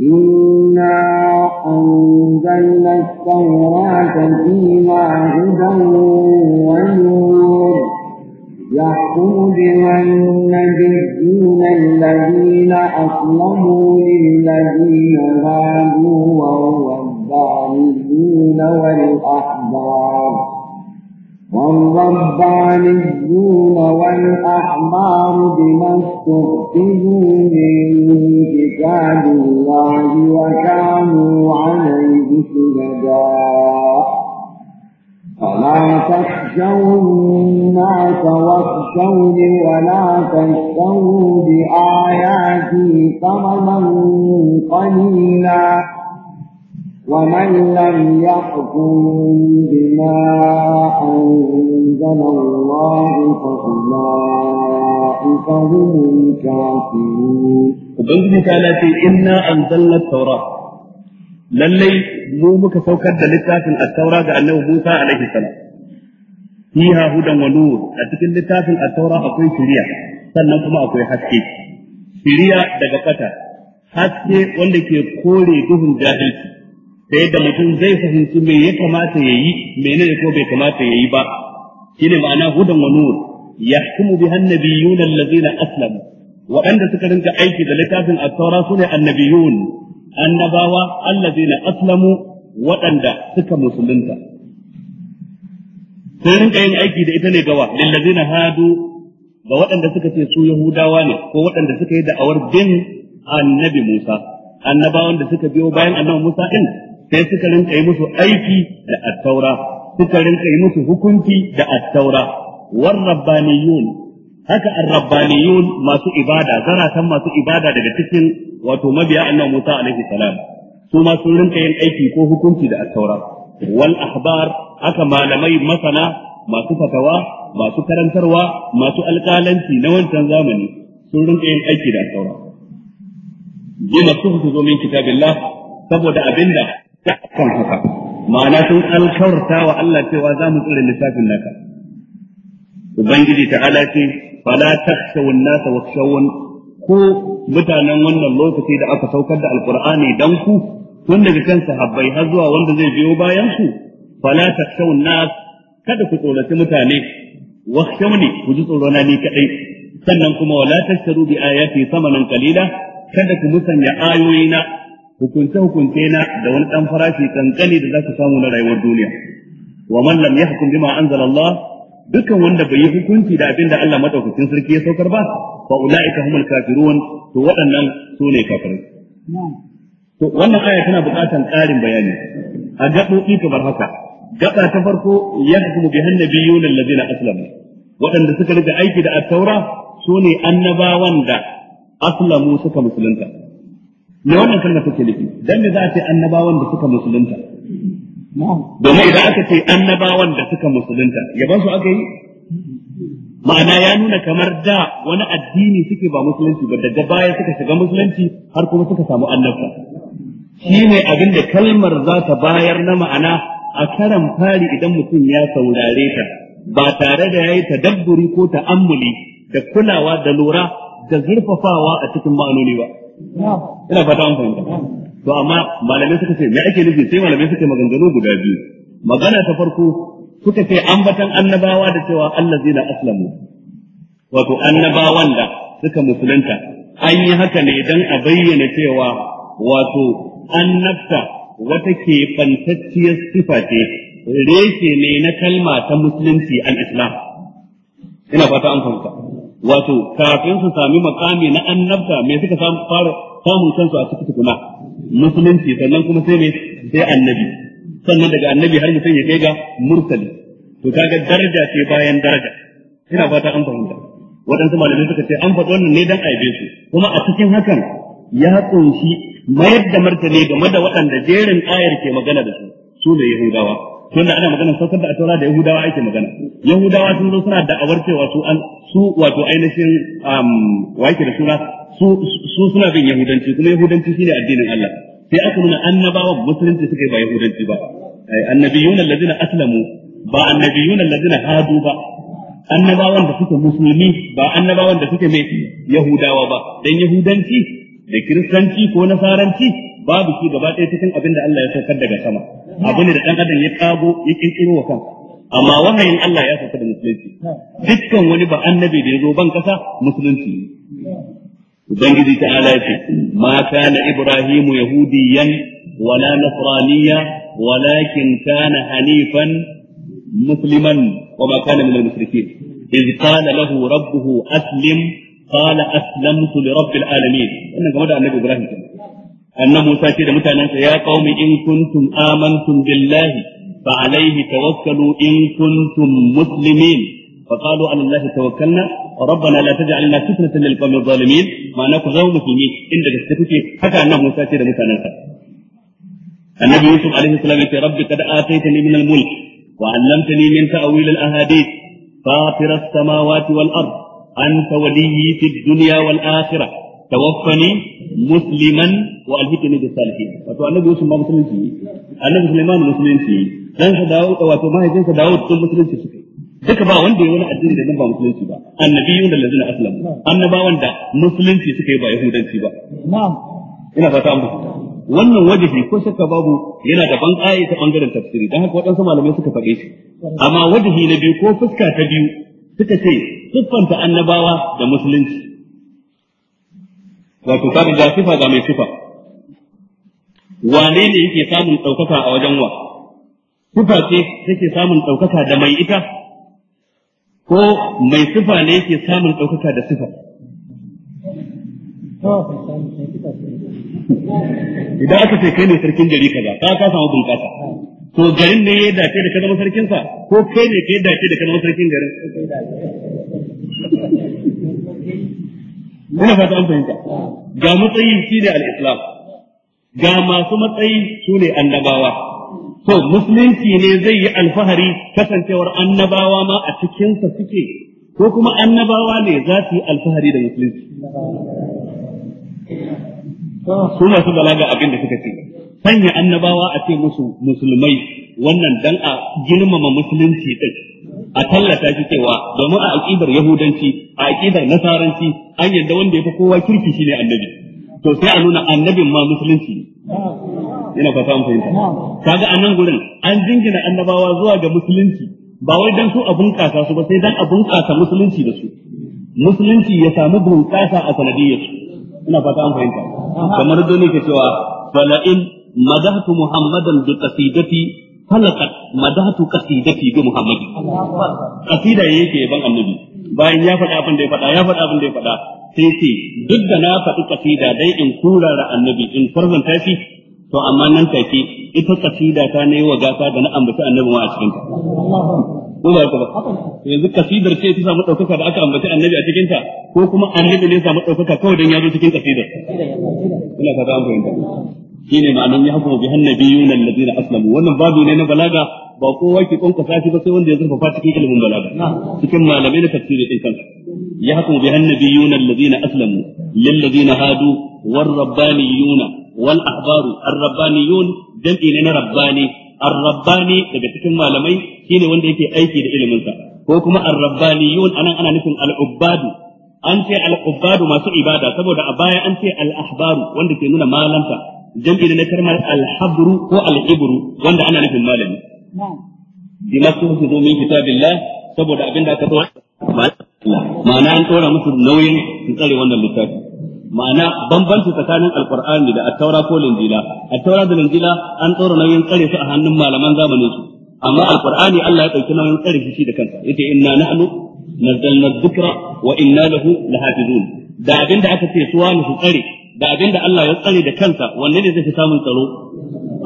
إنا أنزلنا التوراة فيها هدى ونور يحكم بها النبيون الذين أسلموا للذين هادوا وهو الضالين والأحبار والربانيون والأحبار بما استغفروا من كتاب وكانوا عليه شهداء فلا تخشوا الناس واخشوني ولا تشتروا بآياتي ثمنا قليلا ومن لم يحكم بما أنزل الله فأولئك هم الكافرون ubangiji ta lafi inna zallar taura lallai mu muka saukar da littafin at-taura ga annabi Musa alaihi salam fiha hudan wa nur a cikin littafin at-taura akwai shiriya sannan kuma akwai haske shiriya daga fata haske wanda ke kore duhun jahilci da yadda mutum zai fahimci me ya kamata ya yi menene ko bai kamata ya yi ba shine ma'ana hudan wa nur yahkumu bihan nabiyuna allazina aslamu waɗanda suka rinka aiki da littafin at-taura sune annabiyun annabawa allazina aslamu waɗanda suka musulunta sun rinka yin aiki da ita ne gawa lillazina hadu ga waɗanda suka ce su yahudawa ne ko waɗanda suka yi da'awar bin annabi Musa annabawan da suka biyo bayan annabi Musa din sai suka rinka yi musu aiki da at-taura suka rinka yi musu hukunci da at-taura war rabbaniyun haka ar masu ibada zaratan masu ibada daga cikin wato mabiya annabi Musa alaihi salam su ma sun rinka yin aiki ko hukunci da at wal ahbar haka malamai masana masu fatawa masu karantarwa masu alƙalanci na wancan zamani sun rinka yin aiki da at-taura jima su zo min kitabillah saboda abinda ta kan haka ma'ana sun alkawarta wa Allah cewa za mu tsare lissafin naka ubangiji ta'ala ce fala takhshaw an-nas wakhshawun ko mutanen wannan lokaci da aka saukar da al'ƙur'ani dan ku tun daga kan sahabbai har zuwa wanda zai biyo bayan su fala takhshaw an kada ku tsoraci mutane wakhshawni ku ji tsorona ni kaɗai? sannan kuma wala tashtaru bi ayati samanan qalila kada ku musanya na hukunce hukunce na da wani ɗan farashi kankani da za ku samu na rayuwar duniya wa man lam yahkum bima anzala Allah Dukkan wanda bai yi hukunci da abin da Allah madaukakin sarki ya saukar ba fa ulaika humul kafirun to waɗannan su ne kafirai to wannan aya tana buƙatar ƙarin bayani a gaɓoɓi kamar haka gaɓa ta farko ya hukumu bi na allazina aslamu waɗanda suka rika aiki da at-taura su ne annabawan da aslamu suka musulunta me wannan kalmar take nufi dan me za a ce annabawan da suka musulunta domin idan aka ce annabawan da suka musulunta yaban su aka yi ma'ana ya nuna kamar da wani addini suke ba musulunci ba daga baya suka shiga musulunci har kuma suka samu annabta shine abin da kalmar za ta bayar na ma'ana a karan fari idan mutum ya saurare ta ba tare da ya yayi tadabburi ko ta'ammuli da kulawa da lura da zurfafawa a cikin ma'anoni ba ina fata an fahimta to amma malamai suka ce me ake nufi sai malamai suka maganganu guda biyu magana ta farko suka ce ambatan annabawa da cewa allazina aslamu wato annabawan da suka musulunta an yi haka ne dan a bayyana cewa wato annabta wata keɓantacciyar sifa ce reshe ne na kalma ta musulunci al-islam ina fata an fahimta wato kafin su sami makami na annabta me suka samu fara samun kansu a cikin tukuna musulunci sannan kuma sai me sai annabi sannan daga annabi har mutum ya kai ga mursali to kaga daraja ce bayan daraja ina fata an fahimta waɗansu malamai suka ce an faɗi wannan ne dan aibe su kuma a cikin hakan ya kunshi mayar da martani game da waɗanda jerin ayar ke magana da su su da yahudawa tunda ana magana saukar da a taura da yahudawa ake magana yahudawa sun zo suna da'awar cewa su an su wato ainihin wa da suna su suna bin yahudanci kuma yahudanci shine addinin Allah sai aka nuna annabawa musulunci suka yi ba yahudanci ba annabiyuna allazina aslamu ba annabiyuna allazina hadu ba annabawan da suke musulmi ba annabawan da suke mai yahudawa ba dan yahudanci da kiristanci ko nasaranci babu shi gaba ɗaya cikin abin da Allah ya saukar daga sama abin da dan adam ya kago ya kirkiro wa kansa amma wahayin Allah ya sauka da musulunci dukkan wani ba annabi da ya zo ban kasa musulunci ubangiji ta ala ce ma kana ibrahimu yahudiyan wala nasraniya walakin kana hanifan musliman wa ma kana min al-mushrikeen iz qala lahu rabbuhu aslim qala aslamtu li rabbil alamin wannan game da annabi ibrahim annabi Musa ce da mutanansa ya qaumi in kuntum amantum billahi فعليه توكلوا إن كنتم مسلمين فقالوا على الله توكلنا ربنا لا تجعلنا فتنة للقوم الظالمين ما نقضوا غير مسلمين إن تستكفي حتى أنه مساتير متناسب النبي يوسف عليه السلام يقول ربي قد آتيتني من الملك وعلمتني من تأويل الأحاديث فاطر السماوات والأرض أنت وليي في الدنيا والآخرة tawaffani musliman wa alhiqni bis salihin wato annabi Yusuf ma musulunci annabi Sulaiman musulunci dan sa dawo wato mahaifinsa dawo cikin musulunci suke. duka ba wanda ya wani addini da nan ba musulunci ba annabiyun da lazina aslam annabawan da musulunci suke ba yahudanci ba na'am ina fata an fahimta wannan wajibi ko shakka babu yana da ban ƙaye ta bangaren tafsiri dan haka waɗansu malamai suka fage shi amma wajibi na biyu ko fuska ta biyu suka ce siffanta annabawa da musulunci wato kaga ga sifa ga mai sifa wane ne yake samun ɗaukaka a wajen wa sifa ce take samun ɗaukaka da mai ita ko mai sifa ne yake samun ɗaukaka da sifa idan aka ce kai ne sarkin gari kaza ka ka samu bunƙasa to garin ne ya dace da ka zama sarkinsa ko kai ne ka dace da ka zama sarkin garin ina fata an fahimta ga matsayi shine al-islam ga masu matsayi sune annabawa to musulunci ne zai yi alfahari kasancewar annabawa ma a cikinsa suke ko kuma annabawa ne za su yi alfahari da musulunci su masu balaga abin da suka ce sanya annabawa a ce musu musulmai wannan dan a girmama musulunci din a tallata shi cewa domin a aƙidar yahudanci a aƙidar nasaranci an yadda wanda ya fi kowa kirki shine annabi to sai a nuna annabin ma musulunci ne ina fata an fahimta kaga ga anan gurin an jingina annabawa zuwa ga musulunci ba wai dan su a bunƙasa su ba sai dan a bunƙasa musulunci da su musulunci ya samu bunƙasa a sanadiyyar su ina fata an fahimta kamar dole ke cewa fala'in madahtu muhammadan bi qasidati halakat madatu kasidati bi muhammad kasida yake ban annabi bayan ya faɗa abin da ya faɗa ya faɗa abin da ya faɗa sai ce duk da na faɗi kasida dai in da annabi in farzanta shi to amma nan take ita kasida ta ne wa gata da na ambaci annabi ma a cikin ta ba yanzu kasidar ce ta samu daukaka da aka ambaci annabi a cikin ta ko kuma annabi ne ya samu daukaka kawai dan ya zo cikin kasidar ina fata an fahimta shine ma'anar ya hukumu bi hannabiyuna alladhina aslamu wannan babu ne na balaga ba kowa ke konka sashi ba sai wanda ya zurfafa cikin ilimin balaga cikin malamai na tafsiri din kansa ya hukumu bi hannabiyuna alladhina aslamu lil ladina hadu war rabbaniyuna wal ahbaru ar rabbaniyun jam'i ne na rabbani ar rabbani daga cikin malamai shine wanda yake aiki da ilimin sa ko kuma ar rabbaniyun anan ana nufin al ubbadu an ce al ubbadu masu ibada saboda a baya an ce al ahbaru wanda ke nuna malanta jam'i na kalmar alhabru ko al'ibru wanda ana nufin malami bima su su zo min kitabillah saboda abin da aka tsora ma'ana an tsora musu nauyin su tsare wannan littafi ma'ana bambanci tsakanin alqur'ani da at-taura ko linjila at-taura da linjila an tsora nauyin tsare su a hannun malaman zamanin su amma alqur'ani Allah ya dauki nauyin tsare shi da kansa yace inna nahnu nazzalna dhikra wa inna lahu lahafizun da abin da aka ce suwa su tsare da abin da Allah ya tsare da kansa wanne ne zai fi samun tsaro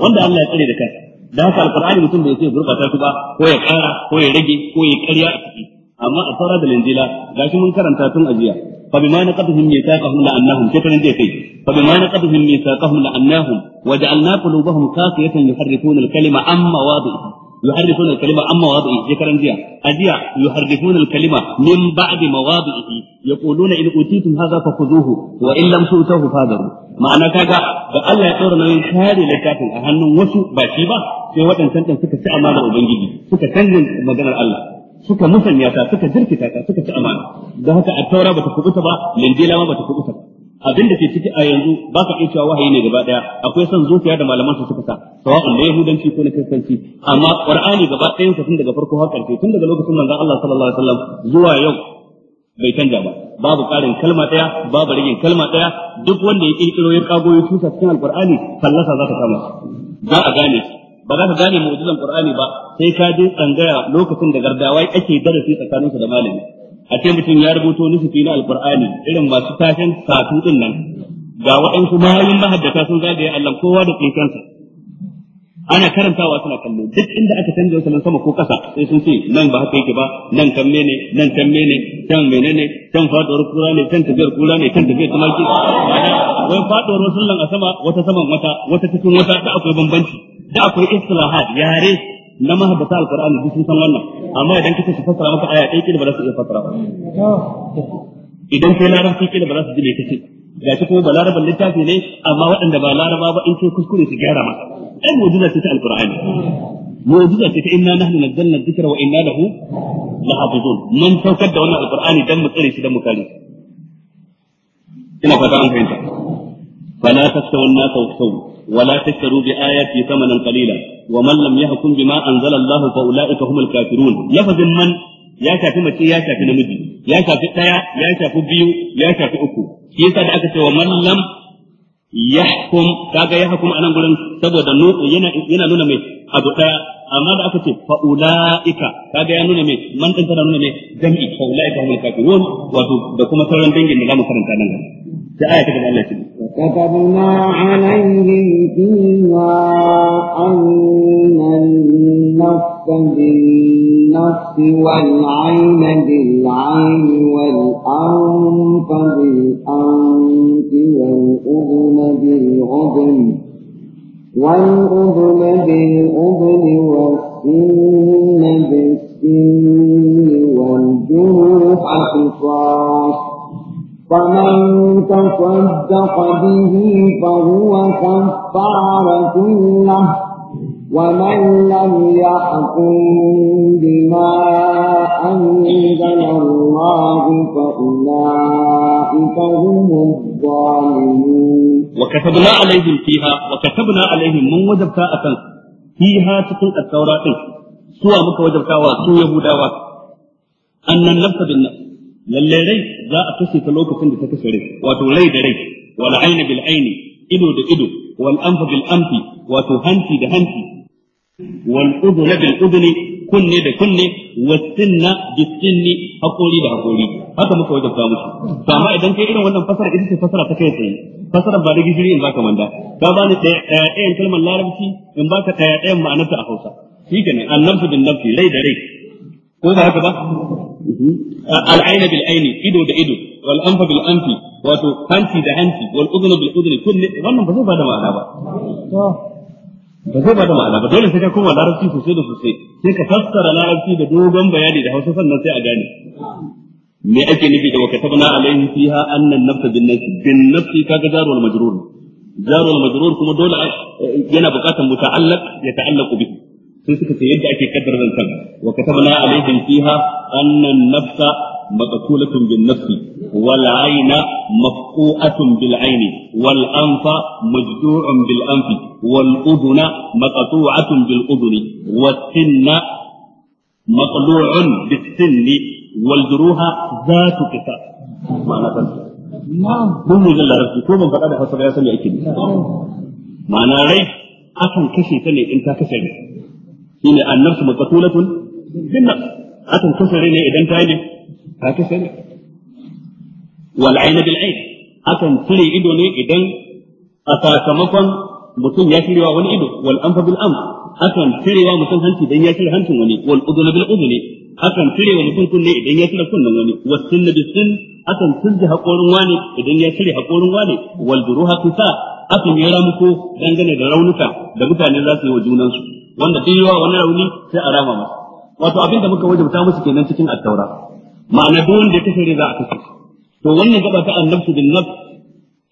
wanda Allah ya tsare da kansa da haka alqur'ani mutum bai sai gurbata shi ba ko ya kara ko ya rage ko ya karya a ciki amma a fara da linjila gashi mun karanta tun ajiya fa bima naqatuhum mithaqahum la annahum kitarin da kai fa bima naqatuhum mithaqahum la annahum wa ja'alna qulubahum qasiyatan yuharrifuna al-kalima amma wadihi yuharrifuna al-kalima amma wadi'i shekaran jiya ajiya yuharrifuna al-kalima min ba'di mawadi'i yaquluna in utitum hadha fakhuduhu wa in lam tutahu fadaru ma'ana kaga da Allah ya tsora nauyin kare littafin a hannun wasu ba shi ba sai waɗancan ɗan suka ci amanar ubangiji suka canjin maganar Allah suka musanya suka jirkita suka ci amana don haka a taura bata kubuta ba linjila ma bata kubuta abin da ke ciki a yanzu baka ka wahayi ne gaba daya akwai son zuciya da malaman suka sa sawa'un na yahudanci ko na kristanci amma qur'ani gaba ɗayan sa tun daga farko har ƙarshe tun daga lokacin manzon Allah sallallahu alaihi wasallam zuwa yau bai canja ba babu ƙarin kalma ɗaya babu ragin kalma ɗaya duk wanda ya kirkiro ya kago ya tusa cikin alqur'ani sallasa za ta kama za a gane ba za ka gane mu'jizan qur'ani ba sai ka je tsangaya lokacin da gardawai ake darasi tsakaninsu da malami a ce mutum ya rubuto nufi na alqur'ani irin masu tashin katu din nan ga waɗansu mahayin mahaddata sun zagaye Allah kowa da tsinkansa ana karantawa suna kallo duk inda aka canza wata nan sama ko kasa sai sun ce nan ba haka yake ba nan kan mene nan kamme mene can ne, can faduwar kura ne can tafiyar kura ne can tafiyar tumaki wai faduwar wasu a sama wata saman wata wata cikin wata ta akwai bambanci da akwai istilahat yare na mahabbata alqur'ani duk sun san wannan amma idan kika su fassara maka aya ɗaya kila ba za su iya fassara ba idan kai larabci kila ba za su ji me kace ga shi kuma ba laraban littafi ne amma waɗanda ba laraba ba in kai kuskure su gyara maka ai mu'jiza ce ta alqur'ani mu'jiza ce ta inna nahnu nazzalna dhikra wa inna lahu lahafizun mun saukar da wannan alqur'ani dan mu tsare shi dan mu kare ina fata an fahimta fala tasawun na tawsawu ولا تشتروا بآياتي ثمنا قليلا ومن لم يحكم بما أنزل الله فأولئك هم الكافرون لفظ man. ya shafi mace ya shafi namiji ya shafi ɗaya ya shafi biyu ya shafi uku shi yasa da aka ce wa mallam yahkum kaga ya hukum anan gurin saboda yana yana nuna mai abu ɗaya amma da aka ce fa ulaika kaga ya nuna mai man dan tana nuna mai jami'i fa ulaika humul kafirun wato da kuma sauran dangin da zamu karanta nan gaba آية وكتبنا كتبنا عليهم فيها أن النفس بالنفس والعين بالعين والأنف بالأنف والأذن بالأذن والأذن بالأذن يوثق به فهو كفارة له ومن لم يحكم بما أنزل الله فأولئك هم الظالمون وكتبنا عليهم فيها وكتبنا عليهم من وجبتا أكن فيها تكون التوراة سوى مك وجبتا وسوى يهودا أن النفس بالنفس lallai rai za a kashe ta lokacin da ta kashe rai wato rai da rai wal aina ido da ido wal anfa wato hanci da hanci wal udhuna kunne da kunne was sinna bis da hakori haka muka wajen ka musu to amma idan kai irin wannan fasara ita ce fasara ta kai tsaye fasara ba da gishiri in baka manda kalmar larabci in baka ɗaya ɗayan ma'anarta a Hausa shi kenan annabtu bin nafsi rai da rai ko da haka ba al'aina bil aini ido da ido wal anfa bil anfi wato hanci da hanci wal udhnu bil udhni kulli wannan ba zai bada ma'ana ba ba zai bada ma'ana ba dole sai ka koma larabci sosai da sosai sai ka fassara larabci da dogon bayani da hausa sannan sai a gane me ake nufi da wakatabna alaihi fiha anna an-nafs bin nafs bin nafs kaga jarul majrur jarul majrur kuma dole yana buƙatar muta'allaq ya ta'allaqu bihi sai suka ce yadda ake kaddara zancan wa katabna alaihim fiha anna an-nafsa maqtulatun bin nafsi wal ayna mafqu'atun bil ayni wal anfa majdu'un bil anfi wal udhuna maqtu'atun bil udhuni wat sinna maqlu'un bis sinni wal juruha zatu qisas ma'ana kan kun mu da larabci ko ban faɗa da hausa ya sani ake ma'ana rai akan kashe ta ne in ta kashe ne shine annafsu maqtulatun bin nafs akan kasare ne idan ta ne ta kasare wal ayn bil ayn akan cire ido ne idan a sakamakon mutum ya cire wa wani ido wal anfa bil anf akan wa mutum hanci idan ya cire hancin wani wal udhun bil udhun akan cirewa mutum kunne idan ya cire kunnen wani was sunn bis sunn akan tunji hakorin wani idan ya cire hakorin wani wal duruha kisa akan yi ramuko dangane da raunuka da mutane za su yi wa junansu wanda sai yawa wani rauni sai a rama masa wato abinda muka wajabta musu kenan cikin attaura, ma'ana duk wanda ya kashe ne za a kashe to wannan gaba ta annabtu bin nafs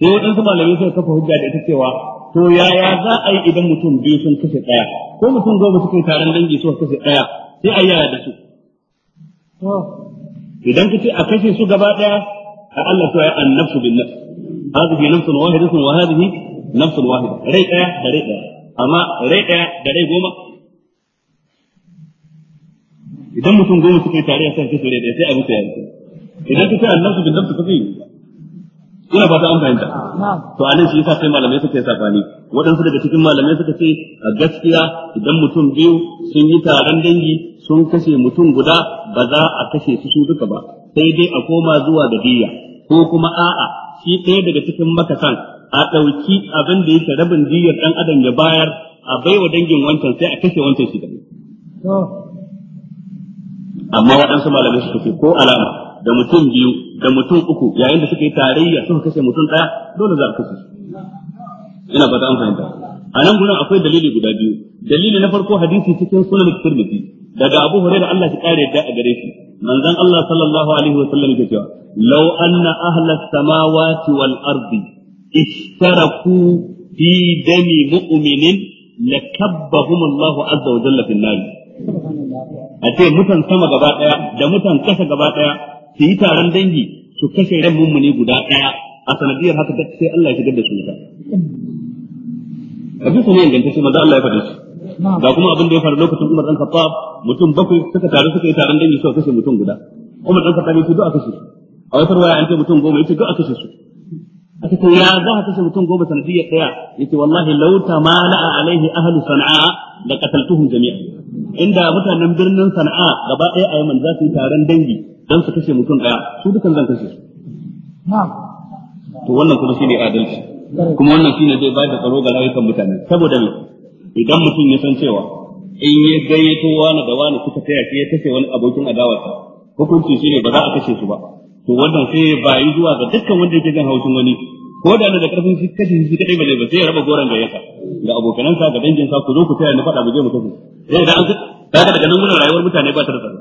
sai waɗansu malamai suka kafa hujja da ita cewa to yaya za a yi idan mutum biyu sun kashe ɗaya ko mutum goma cikin taron dangi suka kashe ɗaya sai a yaya da su idan ka ce a kashe su gaba ɗaya a Allah to ya annabtu bin nafs hadhihi nafsun wahidatun wa hadhihi nafsun wahida rai ɗaya da rai ɗaya amma rai ɗaya da rai goma idan mutum goma suka yi tare a san kashe da ɗaya sai a mutu ya idan ka sai su bin nafsu kafi ina ba ta an fahimta to a nan shi yasa sai malamai suka yi sabani waɗansu daga cikin malamai suka ce a gaskiya idan mutum biyu sun yi taron dangi sun kashe mutum guda ba za a kashe su su duka ba sai dai a koma zuwa da diya ko kuma a'a shi ɗaya daga cikin makasan a ɗauki abin da yake rabin jiyar ɗan adam ya bayar a baiwa dangin wancan sai a kashe wancan shi da amma waɗansu malamai su ce ko alama da mutum biyu da mutum uku yayin da suka yi tarayya suka kashe mutum ɗaya dole za a kashe ina ba ta an fahimta a nan gudun akwai dalili guda biyu dalili na farko hadisi cikin sunan tirmidhi daga abu da Allah ya kare da a gare shi manzon Allah sallallahu alaihi wa sallam ya cewa law anna ahla samawati wal ardi ishtaraku fi dami mu'minin lakabbahum Allah azza wa jalla fil nar a ce mutan sama gaba daya da mutan kasa gaba daya su yi taron dangi su kashe ran mummuni guda daya a sanadiyar haka sai Allah ya shigar da su wuta abin kuma inganta shi maza Allah ya faɗi shi ga kuma abin da ya faru lokacin Umar dan Khattab mutum bakwai suka taru suka yi taron dangi suka kashe mutum guda Umar dan Khattab ya ce duk a kashe su a wata ruwaya an ce mutum goma ya ce duk a kashe su aka ce ya za ka kashe mutum goma sanadiyar daya ce wallahi law tamala'a alaihi ahalu sana'a da qataltuhum jami'a inda mutanen birnin sana'a gaba daya a yaman za su yi taron dangi don su kashe mutum daya su dukan zan kashe su to wannan kuma ne adalci kuma wannan ne zai ba da tsaro ga rayukan mutane saboda idan mutum ya san cewa in ya gayyato wani da wani kuka taya shi ya kashe wani abokin adawarsa hukunci ne ba za a kashe su ba to wannan sai bayi zuwa ga dukkan wanda yake jin haushin wani ko da na da karfin shi shi kadai ba ba sai ya raba goran gayyata ga abokanansa ga sa ku zo ku tsaya ni faɗa mu mutum sai da an ga daga nan gurin rayuwar mutane ba ta da tsaro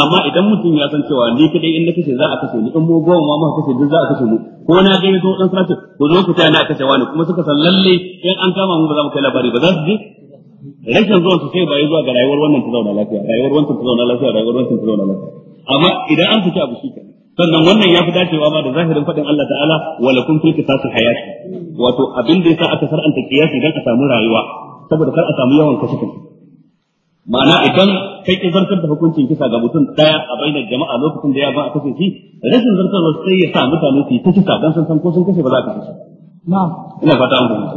amma idan mutum ya san cewa ni kadai in na kace za a kashe ni in mu goma ma muka kace duk za a kashe mu ko na ga yazo dan sarki ku zo ku na kashe wani kuma suka san lalle in an kama mu ba za mu kai labari ba za su je rashin zuwa su sai ba yi zuwa ga rayuwar wannan ta zauna lafiya rayuwar wannan ta zauna lafiya rayuwar wannan ta zauna lafiya amma idan an fita abu shi kenan sannan wannan ya fi dacewa ma da zahirin faɗin Allah ta'ala wala lakum fil qisasi hayati wato abin da yasa aka sar'anta kiyasi dan a samu rayuwa saboda kar a samu yawan kashe ma'ana idan kai ki zartar da hukuncin kisa ga mutum daya a bainar jama'a lokacin da ya ba a kashe shi rashin zartarwa sai ya sa mutane su yi ta kisa dan san san ko sun kashe ba za ka kashe na'am ina fata an fahimta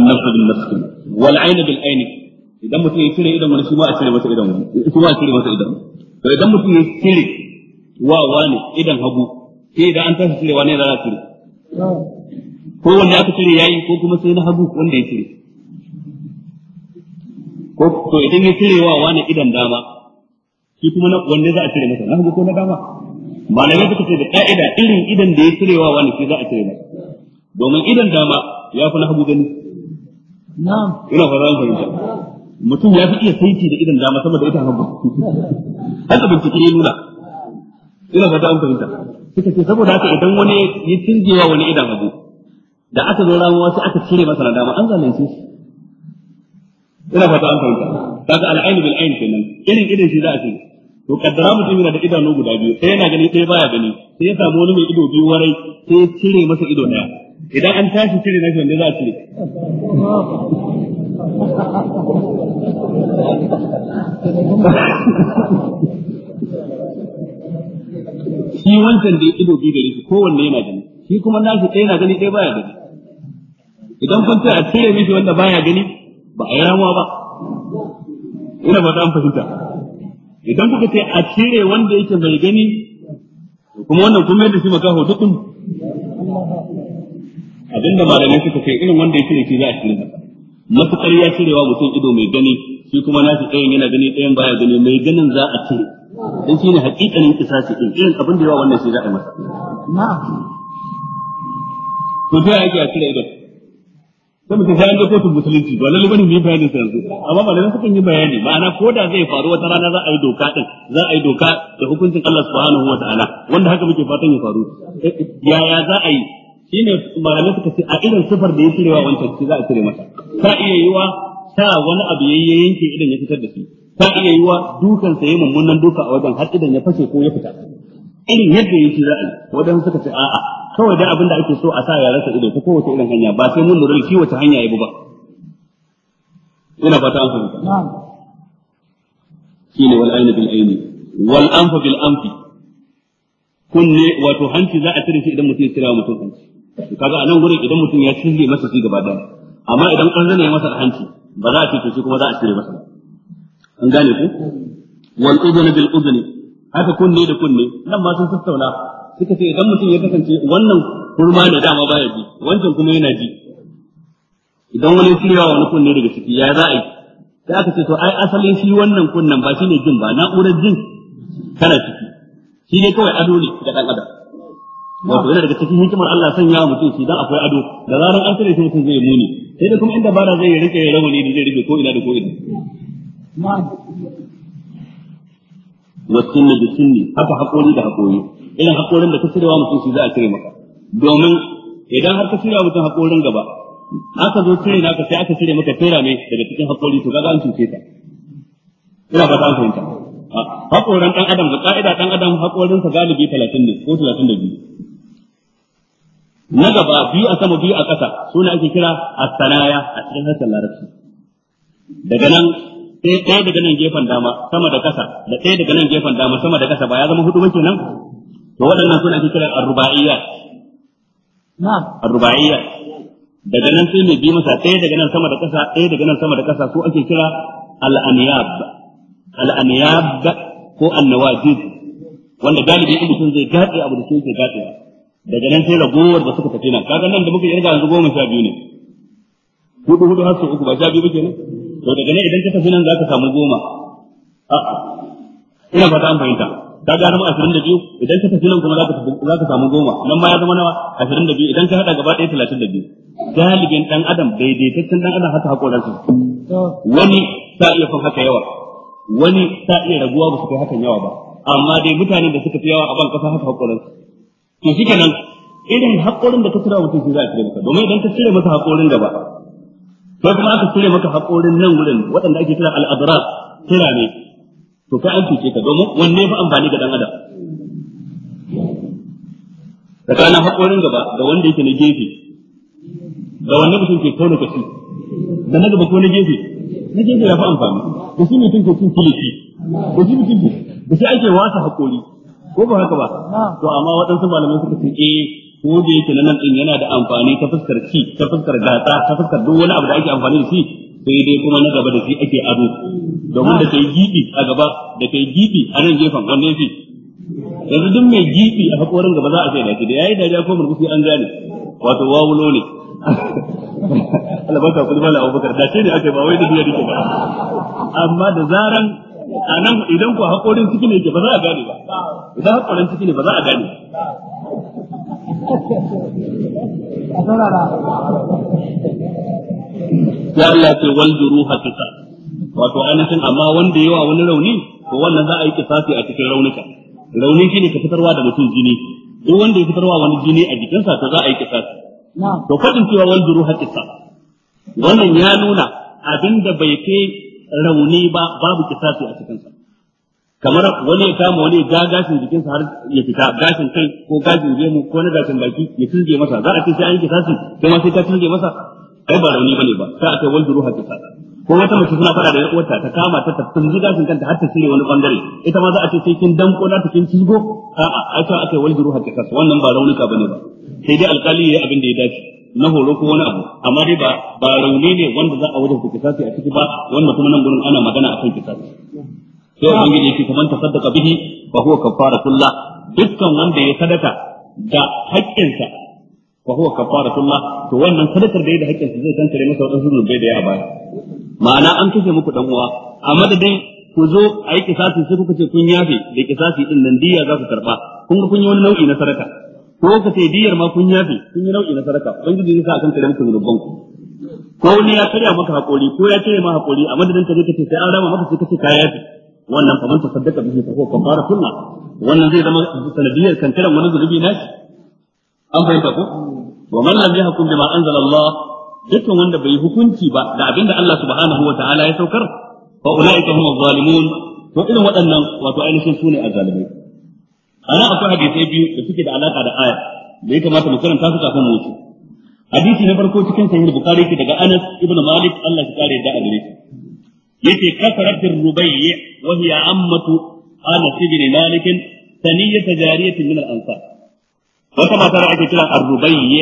annafsu bil nafsi wal ayn bil ayn idan mutum ya cire idan wani shi ma a cire masa idan wani shi ma a cire masa idan to idan mutum ya cire wa wane idan hagu sai idan an tafi cire wani zara a cire ko wanda aka cire yayi ko kuma sai na hagu wanda ya cire ko to idan ya cire wa wane idan dama shi kuma na wanne za a cire masa na hagu ko na dama malamai suka ce da ka'ida irin idan da ya cire wa wane shi za a cire masa domin idan dama ya fi na hagu gani na'am ina fara fahimta mutum ya fi iya saiti da idan dama saboda ita hagu haka bincike ya nuna ina fata an fahimta suka ce saboda haka idan wani ya cinjewa wani idan abu da aka zo ramuwa sai aka cire masa na dama an zalunce shi ina fata an fahimta kaga al'ain bil ain kenan irin idan shi za a ce to kaddara mutum yana da idanu guda biyu sai yana gani sai baya gani sai ya samu wani mai ido biyu warai sai ya cire masa ido daya idan an tashi cire na shi wanda za a cire shi wancan da ya ido bi gare shi kowanne yana gani shi kuma na shi ɗaya na gani ɗaya baya gani idan kun ce a cire mishi wanda baya gani ba a yi ramuwa ba ina ba ta fahimta idan kuka ce a cire wanda yake bai gani kuma wannan kuma yadda shi makaho dukkan abinda malamai suka kai irin wanda ya cire shi za a cire masa matuƙar ya cirewa mutum ido mai gani shi kuma na shi ɗayan yana gani ɗayan baya gani mai ganin za a cire dan shine hakikanin kisasi din irin abin da yawa wannan shi za a masa na'am to da yake a cire idan sai mutum sayan da kotun musulunci ba lalle bane mu yi bayanin sa yanzu amma lalle sukan yi bayani ma'ana ko da zai faru wata rana za a yi doka din za a yi doka da hukuncin Allah subhanahu wa ta'ala wanda haka muke fatan ya faru yaya za a yi shine malamai suka ce a irin sifar da ya cirewa wancan shi za a cire masa ta iya yiwa ta wani abu yayye yanke idan ya fitar da shi ta iya wa dukan sa yi mummunan duka a wajen har idan ya fashe ko ya fita irin yadda ya za a wajen suka ce a'a kawai dai abin da ake so a sa ya rasa ido ta kowace irin hanya ba sai mun lura shi wace hanya ya bi ba ina fata an fahimta ne wal aini bil aini wal anfa bil anfi kunne wato hanci za a cire shi idan mutum ya cire mutum hanci kaga a nan gurin idan mutum ya cire masa shi gaba daya amma idan kan zane masa hanci ba za a ce to shi kuma za a cire masa an gane ku wal udhun bil udhun haka kunne da kunne nan ma sun tattauna suka ce idan mutum ya kasance wannan kurma da dama baya ji wancan kuma yana ji idan wani shirya wani kunne daga ciki ya za a yi sai aka ce to ai asalin shi wannan kunnen ba shine jin ba na'urar jin tana ciki shi ne kawai ado ne ga dan adam wato yana daga cikin hikimar Allah sanya wa mutum shi dan akwai ado da zaran an tare shi mutum zai muni sai da kuma inda da zai rike rawani da zai rike ko ina da ko ina wasin da sunni haka hakori da hakori irin hakorin da ka cirewa mutum shi za a cire maka domin idan har ka cirewa mutum hakorin gaba aka zo cire naka sai aka cire maka tera ne daga cikin hakori to kaga an cuce ta ina ba ta an fahimta hakoran dan adam ga ka'ida dan adam hakorin sa galibi 30 ne ko 32 na gaba biyu a sama biyu a ƙasa suna ake kira as-sanaya a cikin harshen larabci daga nan sai eh, ɗaya daga nan gefen dama sama da kasa da ɗaya daga nan gefen dama sama da kasa ba ya zama hudu ba kenan to waɗannan suna ake kira arruba'iyya na arruba'iyya daga nan sai mai bi masa ɗaya daga nan sama da kasa ɗaya daga nan sama da kasa su ake kira al'aniyab al'aniyab ko annawajid wanda galibi in mutum zai gaɗe abu da sai yake gaɗewa daga nan sai ragowar da suka tafi nan kaga nan da muka yarda yanzu goma sha biyu ne hudu hudu har sau uku ba sha biyu ba kenan to daga nan idan ka tafi nan zaka samu goma a'a ah, ina fata an fahimta ka ga nama ashirin da biyu idan ka tafi nan kuma za ka samu goma nan ma ya zama nawa ashirin da biyu idan ka haɗa gaba ɗaya talatin da biyu galibin ɗan adam daidaitaccen ɗan adam haka su. wani ta iya fin haka yawa wani ta iya raguwa ba su kai hakan yawa ba amma dai mutane da suka fi yawa a ban ƙasa haka su. to shi kenan irin haƙorin da ka cire mutum shi za a cire masa domin idan ka cire masa haƙorin gaba ko kuma aka kure maka haƙorin nan wurin waɗanda ake kira al'adras kira ne to ka an cuce ka domin wanne ba amfani ga ɗan adam tsakanin haƙorin gaba ga wanda yake na gefe ga wanne mutum ke kone kashi da na gaba ko na gefe na gefe ya fi amfani da shi mutum ke cin kilishi da shi mutum ke da shi ake wasa haƙori ko ba haka ba to amma waɗansu malamai suka ce eh ko da yake na nan din yana da amfani ta fuskar ci ta fuskar gata ta fuskar duk wani abu da ake amfani da shi sai dai kuma na gaba da shi ake ado domin da kai gidi a gaba da kai gidi a nan gefen wanne shi yanzu duk mai gidi a hakorin gaba za a sai da shi da yayi dariya ko murmushi an gane wato wawulo ne Allah baka kudi mala Abubakar da ce ne ake ba wai da duniya dake ba amma da zaran anan idan ku hakorin ciki ne ke ba za a gane ba idan hakorin ciki ne ba za a gane ba ya Allah ce wal juruha kisa wato ainihin amma wanda yawa wani rauni to wannan za a yi kisasi a cikin raunuka raunin ne ka fitarwa da mutum jini duk wanda ya fitarwa wani jini a jikinsa to za a yi kisasi to fadin cewa wal juruha kisa wannan ya nuna abinda bai kai rauni ba babu kisasi a cikinsa kamar wani ya kama wani ga gashin jikinsa har ya fita gashin kai ko gashin gemu ko na gashin baki ya tunje masa za a ce sai an yi tasin sai ma sai ka tunje masa kai ba rauni bane ba sai a ce wal duruha kisa ko wata mace suna fada da yan uwarta ta kama ta ta tunji gashin kanta har ta cire wani bangare ita ma za a ce sai kin danko na ta kin cigo a a ta ce wal duruha kisa wannan ba ka bane ba sai dai alkali yayi abin da ya dace na horo ko wani abu amma dai ba ba rauni ne wanda za a wajen kisasi a ciki ba wanda kuma nan gurin ana magana akan kisasi sai ubangiji yake kaman tasaddaqa bihi fa huwa kafaratullah dukkan wanda ya sadaka da haƙƙinsa fa huwa kafaratullah to wannan sadakar da ya da haƙƙinsa zai tantare masa wadansu zunubai da ya baya ma'ana an kashe muku dan uwa a madadin ku zo a yi kisasi sai kuka ce kun yafe da kisasi din nan diya za ku karba kun ga kun yi wani nau'i na sadaka ko ka ce diyar ma kun yafe kun yi nau'i na sadaka ubangiji zai sa kan kare muku zunuban ku ko ne ya karya maka hakuri ko ya tare ma hakuri a madadin ta je ka sai an rama maka sai ka ka yafe wannan fa man tasaddaqa bihi fa huwa kafara kunna. wannan zai zama sanadiyar kankaran wani zulubi na shi an fahimta ko wa man lam yahkum bima anzala Allah dukkan wanda bai hukunci ba da abinda Allah subhanahu wa ta'ala ya saukar fa ulaika humuz zalimun to irin waɗannan wato ainihin sune A ana akwai hadisai biyu da suke da alaka da aya da ya kamata mu karanta su kafin mu wuce hadisi na farko cikin sahih bukhari ke daga Anas ibn Malik Allah ya kare da gare yace kasarat rubayyi wa hiya ammatu Anas ibn malikin, saniyat jariyatin min al-ansar wata mata da ake kira ar-rubayyi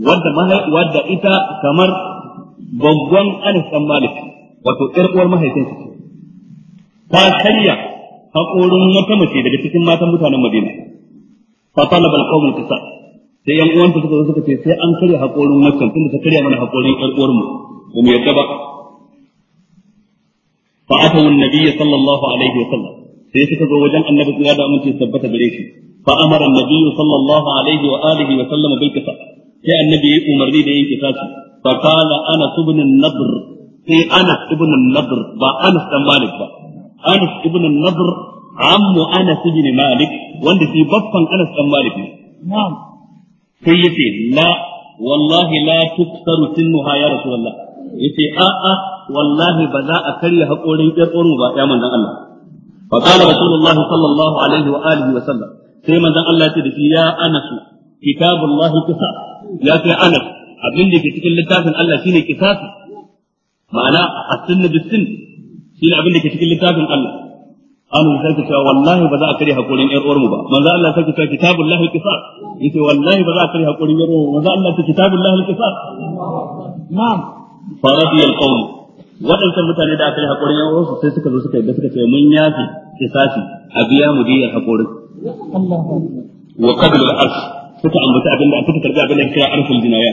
wadda wadda ita kamar babban Anas ibn Malik wato ƴar uwar mahaifinsa ta karya haƙorin wata mace daga cikin matan mutanen Madina fa talaba al-qawm al sai yan uwanta suka zo suka ce sai an karya haƙorin waccan tunda ta karya mana haƙorin ƴar uwar mu ba mu yadda ba fa atawu nabiyyi sallallahu alaihi wasallam sai suka zo wajen annabi tsira da amince tabbata gare shi fa amara nabiyyi sallallahu alaihi wa alihi wa sai annabi ya umarni da yin qisas fa qala ana ibn an sai anas ibn an ba anas dan malik ba anas ibn an-nadr ammu anas ibn wanda babban ne yace la wallahi la tuktaru sinnuha ya rasulullah yace a'a wallahi ba za a karya haƙorin ƴar uwar ba ya manzon Allah fa qala rasulullahi sallallahu alaihi wa alihi wa sallam sai manzon Allah ya ce ya anasu kitabullahi qisas ya kai anas abin da ke cikin littafin Allah shine qisas ma'ana as-sunna bis-sunn shine abin da ke cikin littafin Allah an sai ka cewa wallahi ba za a kare hakurin ƴar uwar ba manzo Allah sai ka cewa kitabullahi qisas yace wallahi ba za a kare hakurin ƴar uwar mu manzo Allah sai kitabullahi qisas na'am faradi alqawl waɗansan mutane da aka yi haƙorin yan uwansu sai suka zo suka yadda suka ce mun yafi kisasi a biya mu diyar haƙorin wa qabla al-arsh suka ambata abinda suka karbi abinda kira arshul jinaya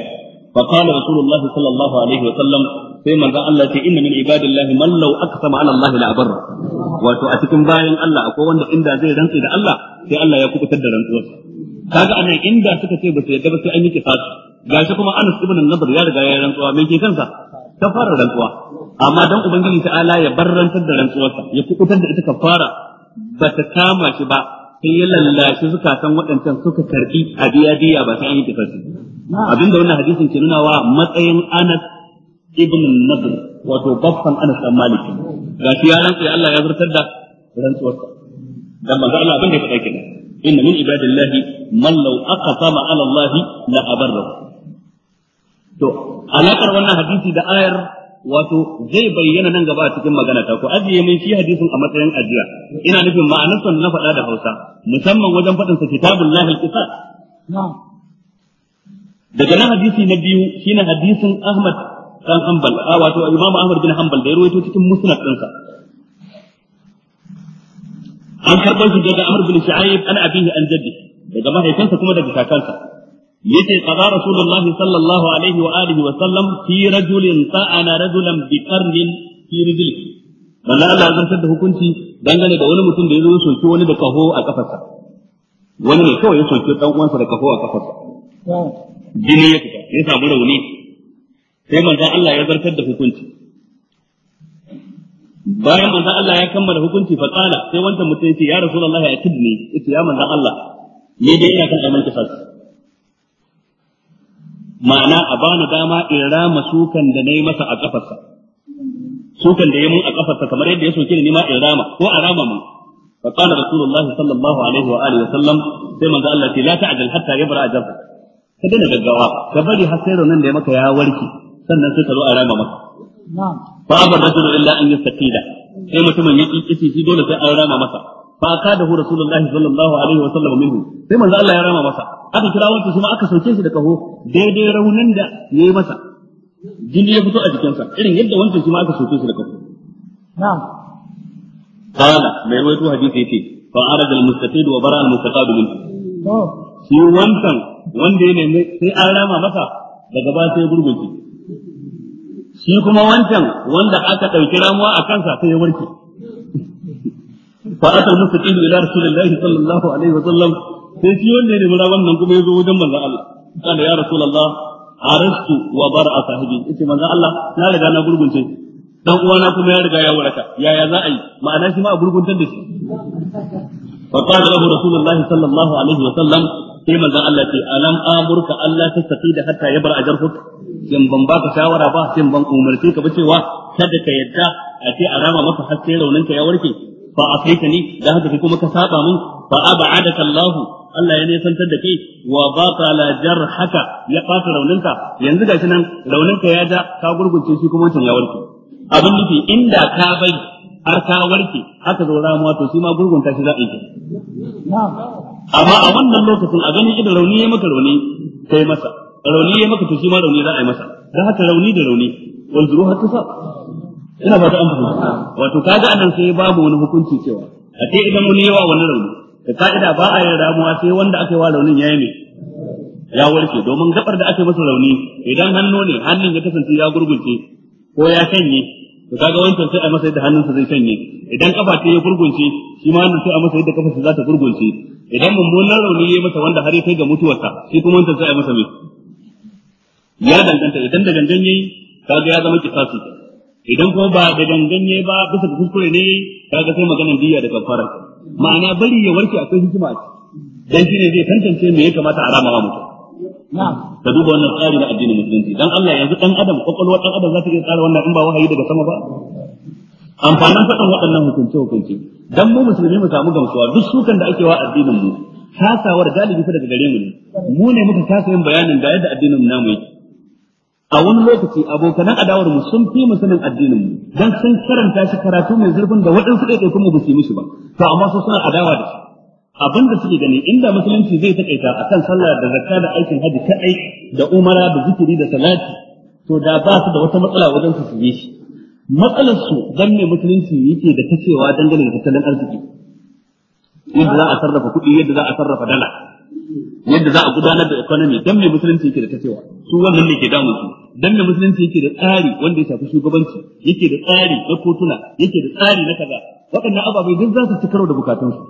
fa qala rasulullah sallallahu alaihi wa sallam sai manzon Allah ce inna min ibadillahi man law aqsama ala Allah la abarra a cikin bayan Allah akwai wanda inda zai rantsa da Allah sai Allah ya kubutar da rantsuwarsa kaga anan inda suka ce ba su yadda ba sai an yi kisasi gashi kuma Anas ibn ya riga ya rantsuwa me ke kansa Ta fara rantsuwa amma dan ubangiji ta'ala ya bar rantsar da rantsuwarsa ya kukutar da ita fara. ba ta kama shi ba sai ya lallashi zukatan waɗancan suka karbi a biya diya ba sai an yi kifarsu abinda wannan hadisin ke nuna wa matsayin Anas ibn Nadr wato babban Anas dan Maliki shi ya rantsa Allah ya zartar da rantsuwarsa dan manzo Allah abin da ya faɗa kenan inna min ibadillahi man law aqsama ala Allah la abarra to alakar wannan hadisi da ayar wato zai bayyana nan gaba a cikin magana ta ko ajiye min shi hadisin a matsayin ajiya ina nufin ma'anar son na faɗa da Hausa musamman wajen faɗin sa kitabullahi al daga nan hadisi na biyu shine hadisin Ahmad dan Hanbal a wato Imam Ahmad bin Hanbal da ya rawaito cikin musnad ɗinsa an karɓar shi daga Amr bin Shu'aib an abihi an jaddi daga mahaifinsa kuma daga kakansa yace qada rasulullahi sallallahu alaihi wa alihi wa da hukunci dangane da wani mutum da ya zo soki wani da kaho a kafarsa wani ne kawai ya soki dan da kaho a kafarsa jini ya fita ya samu Allah ya da hukunci bayan manzo Allah ya kammala hukunci fa qala sai wanda mutum ya rasulullahi atibni yace ya manzo Allah ni dai ina kan amal kafas ma'ana a bani dama in rama sukan da nayi masa a kafarsa sukan da ya mun a kafarsa kamar yadda ya soke ni ma in rama ko a rama mun fa qala rasulullahi sallallahu alaihi wa alihi wa sallam sai manzo Allah ce la ta'jal hatta yabra ajab ka dana gaggawa ka bari har sai nan da ya maka ya warke sannan sai ka zo a rama maka fa abar rajulu illa an yastaqila sai mutumin ya kike shi dole sai an rama masa fa akadahu rasulullahi sallallahu alaihi wa sallam minhu sai manzo Allah ya rama masa aka kira wanda kuma aka sauke shi da kaho daidai raunin da yayi masa jini ya fito a jikinsa irin yadda wancan shi ma aka sauke shi da kaho na'am qala mai wato hadisi yace fa arad mustaqid wa bara al mustaqad min shi wancan wanda ya nemi sai an rama masa daga ba sai gurgunci shi kuma wancan wanda aka dauki ramuwa a kansa sai ya warke Faɗatar ata al-mustaqim ila rasulillahi sallallahu alaihi wa sallam sai shi wanda ya nemi wannan kuma ya zo wajen manzon Allah kana ya rasulullah arastu wa bar'a sahibi yace manzon Allah na riga na gurgunce dan uwana kuma ya riga ya waraka yaya za a yi ma'ana shi ma a gurguntar da shi fa qala sallallahu alaihi wa sallam sai manzon Allah ce alam amurka Allah ta da hatta ya bar ajarfuk shin ban baka shawara ba shin ban umarce ka ba cewa kada ka yadda a ce a rama maka har sai ka ya warke fa afaitani da haka kai kuma ka saba mun fa ab'adaka Allah Allah ya nisantar da kai wa batala jarhaka ya fata rauninka yanzu gashi nan rauninka ya ja ka gurgunce shi kuma wancan ya warke abin nufi inda ka bari har ka warke haka zo ramuwa to shi ma gurgunta shi za a yi amma a wannan lokacin a gani idan rauni ya maka rauni kai masa rauni ya maka to shi ma rauni za a yi masa da haka rauni da rauni har ta sa ina ba ta an fahimta wato kaga anan sai babu wani hukunci cewa a ce idan mun yawa wani rauni da ka'ida ba a yin ramuwa sai wanda aka yi wa raunin yi ne ya warke domin gabar da aka yi masa rauni idan hannu ne hannun ya kasance ya gurgunce ko ya shanye to kaga wancan sai a masa yadda hannunsa zai shanye idan kafa ce ya gurgunce shi ma hannun sai a masa yadda kafarsa za ta gurgunce idan mummunan rauni ya masa wanda har ya kai ga mutuwarsa shi kuma wancan sai a masa mai ya danganta idan da gangan yayi kaga ya zama kisasi idan kuma ba da ganganye ba bisa da kuskure ne kaga sai maganar diya da kafara ma'ana bari ya warke akwai hikima dan shine zai tantance me ya kamata a rama mutum ka duba wannan tsari na addinin musulunci dan Allah yanzu dan adam kokolwa dan adam za ta iya tsara wannan in ba wahayi daga sama ba amfanin fadan waɗannan hukunce hukunci dan mu musulmi mu samu gamsuwa duk sukan da ake wa addinin mu kasawar galibi fa daga gare mu ne mu ne muka tasa yin bayanin da yadda addinin namu yake a wani lokaci abokanan adawar mu sun fi mu sanin addinin mu dan sun karanta shi karatu mai zurfin da waɗansu ɗaya kuma ba su yi mishi ba to amma su suna adawa da shi abin da suke gani inda musulunci zai takaita akan sallah da zakka da aikin haji kaɗai da umara da zikiri da salati to da ba su da wata matsala wajen su su yi shi matsalar su dan ne musulunci yake da ta cewa dangane da tattalin arziki yadda za a sarrafa kuɗi yadda za a sarrafa dala yadda za a gudanar da economy dan mai musulunci yake da ta su wannan ne ke damu su dan mai musulunci yake da tsari wanda ya shafi shugabanci yake da tsari na kotuna yake da tsari na kaza waɗannan ababe duk za su ci da da bukatunsu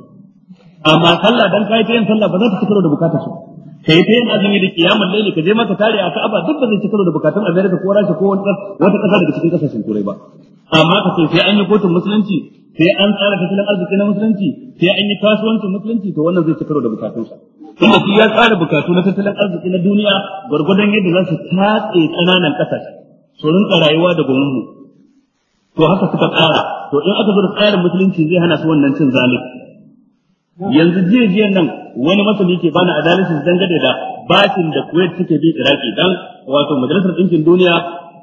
amma sallah dan kai ta yin sallah ba za su ci da da su kai ta yin azumi da kiyamar laili ka je maka tare a ka'aba duk ba zai ci karo da bukatun Amerika ko Rasha ko wata kaza daga cikin ƙasashen Turai ba amma ka sai an yi kotun musulunci sai an tsara tattalin arziki na musulunci sai an yi kasuwancin musulunci to wannan zai ci da bukatunsa Inda shi ya tsara bukatu na tattalin arziki na duniya gwargwadon yadda za su tatse tsananan ƙasashe su rinka rayuwa da gwamnati to haka suka tsara to in aka zo da tsarin musulunci zai hana su wannan cin zalunci yanzu jiya nan wani masani ke bani adalci dangane da bakin da Kuwait suke bi Iraki dan wato majalisar ɗinkin duniya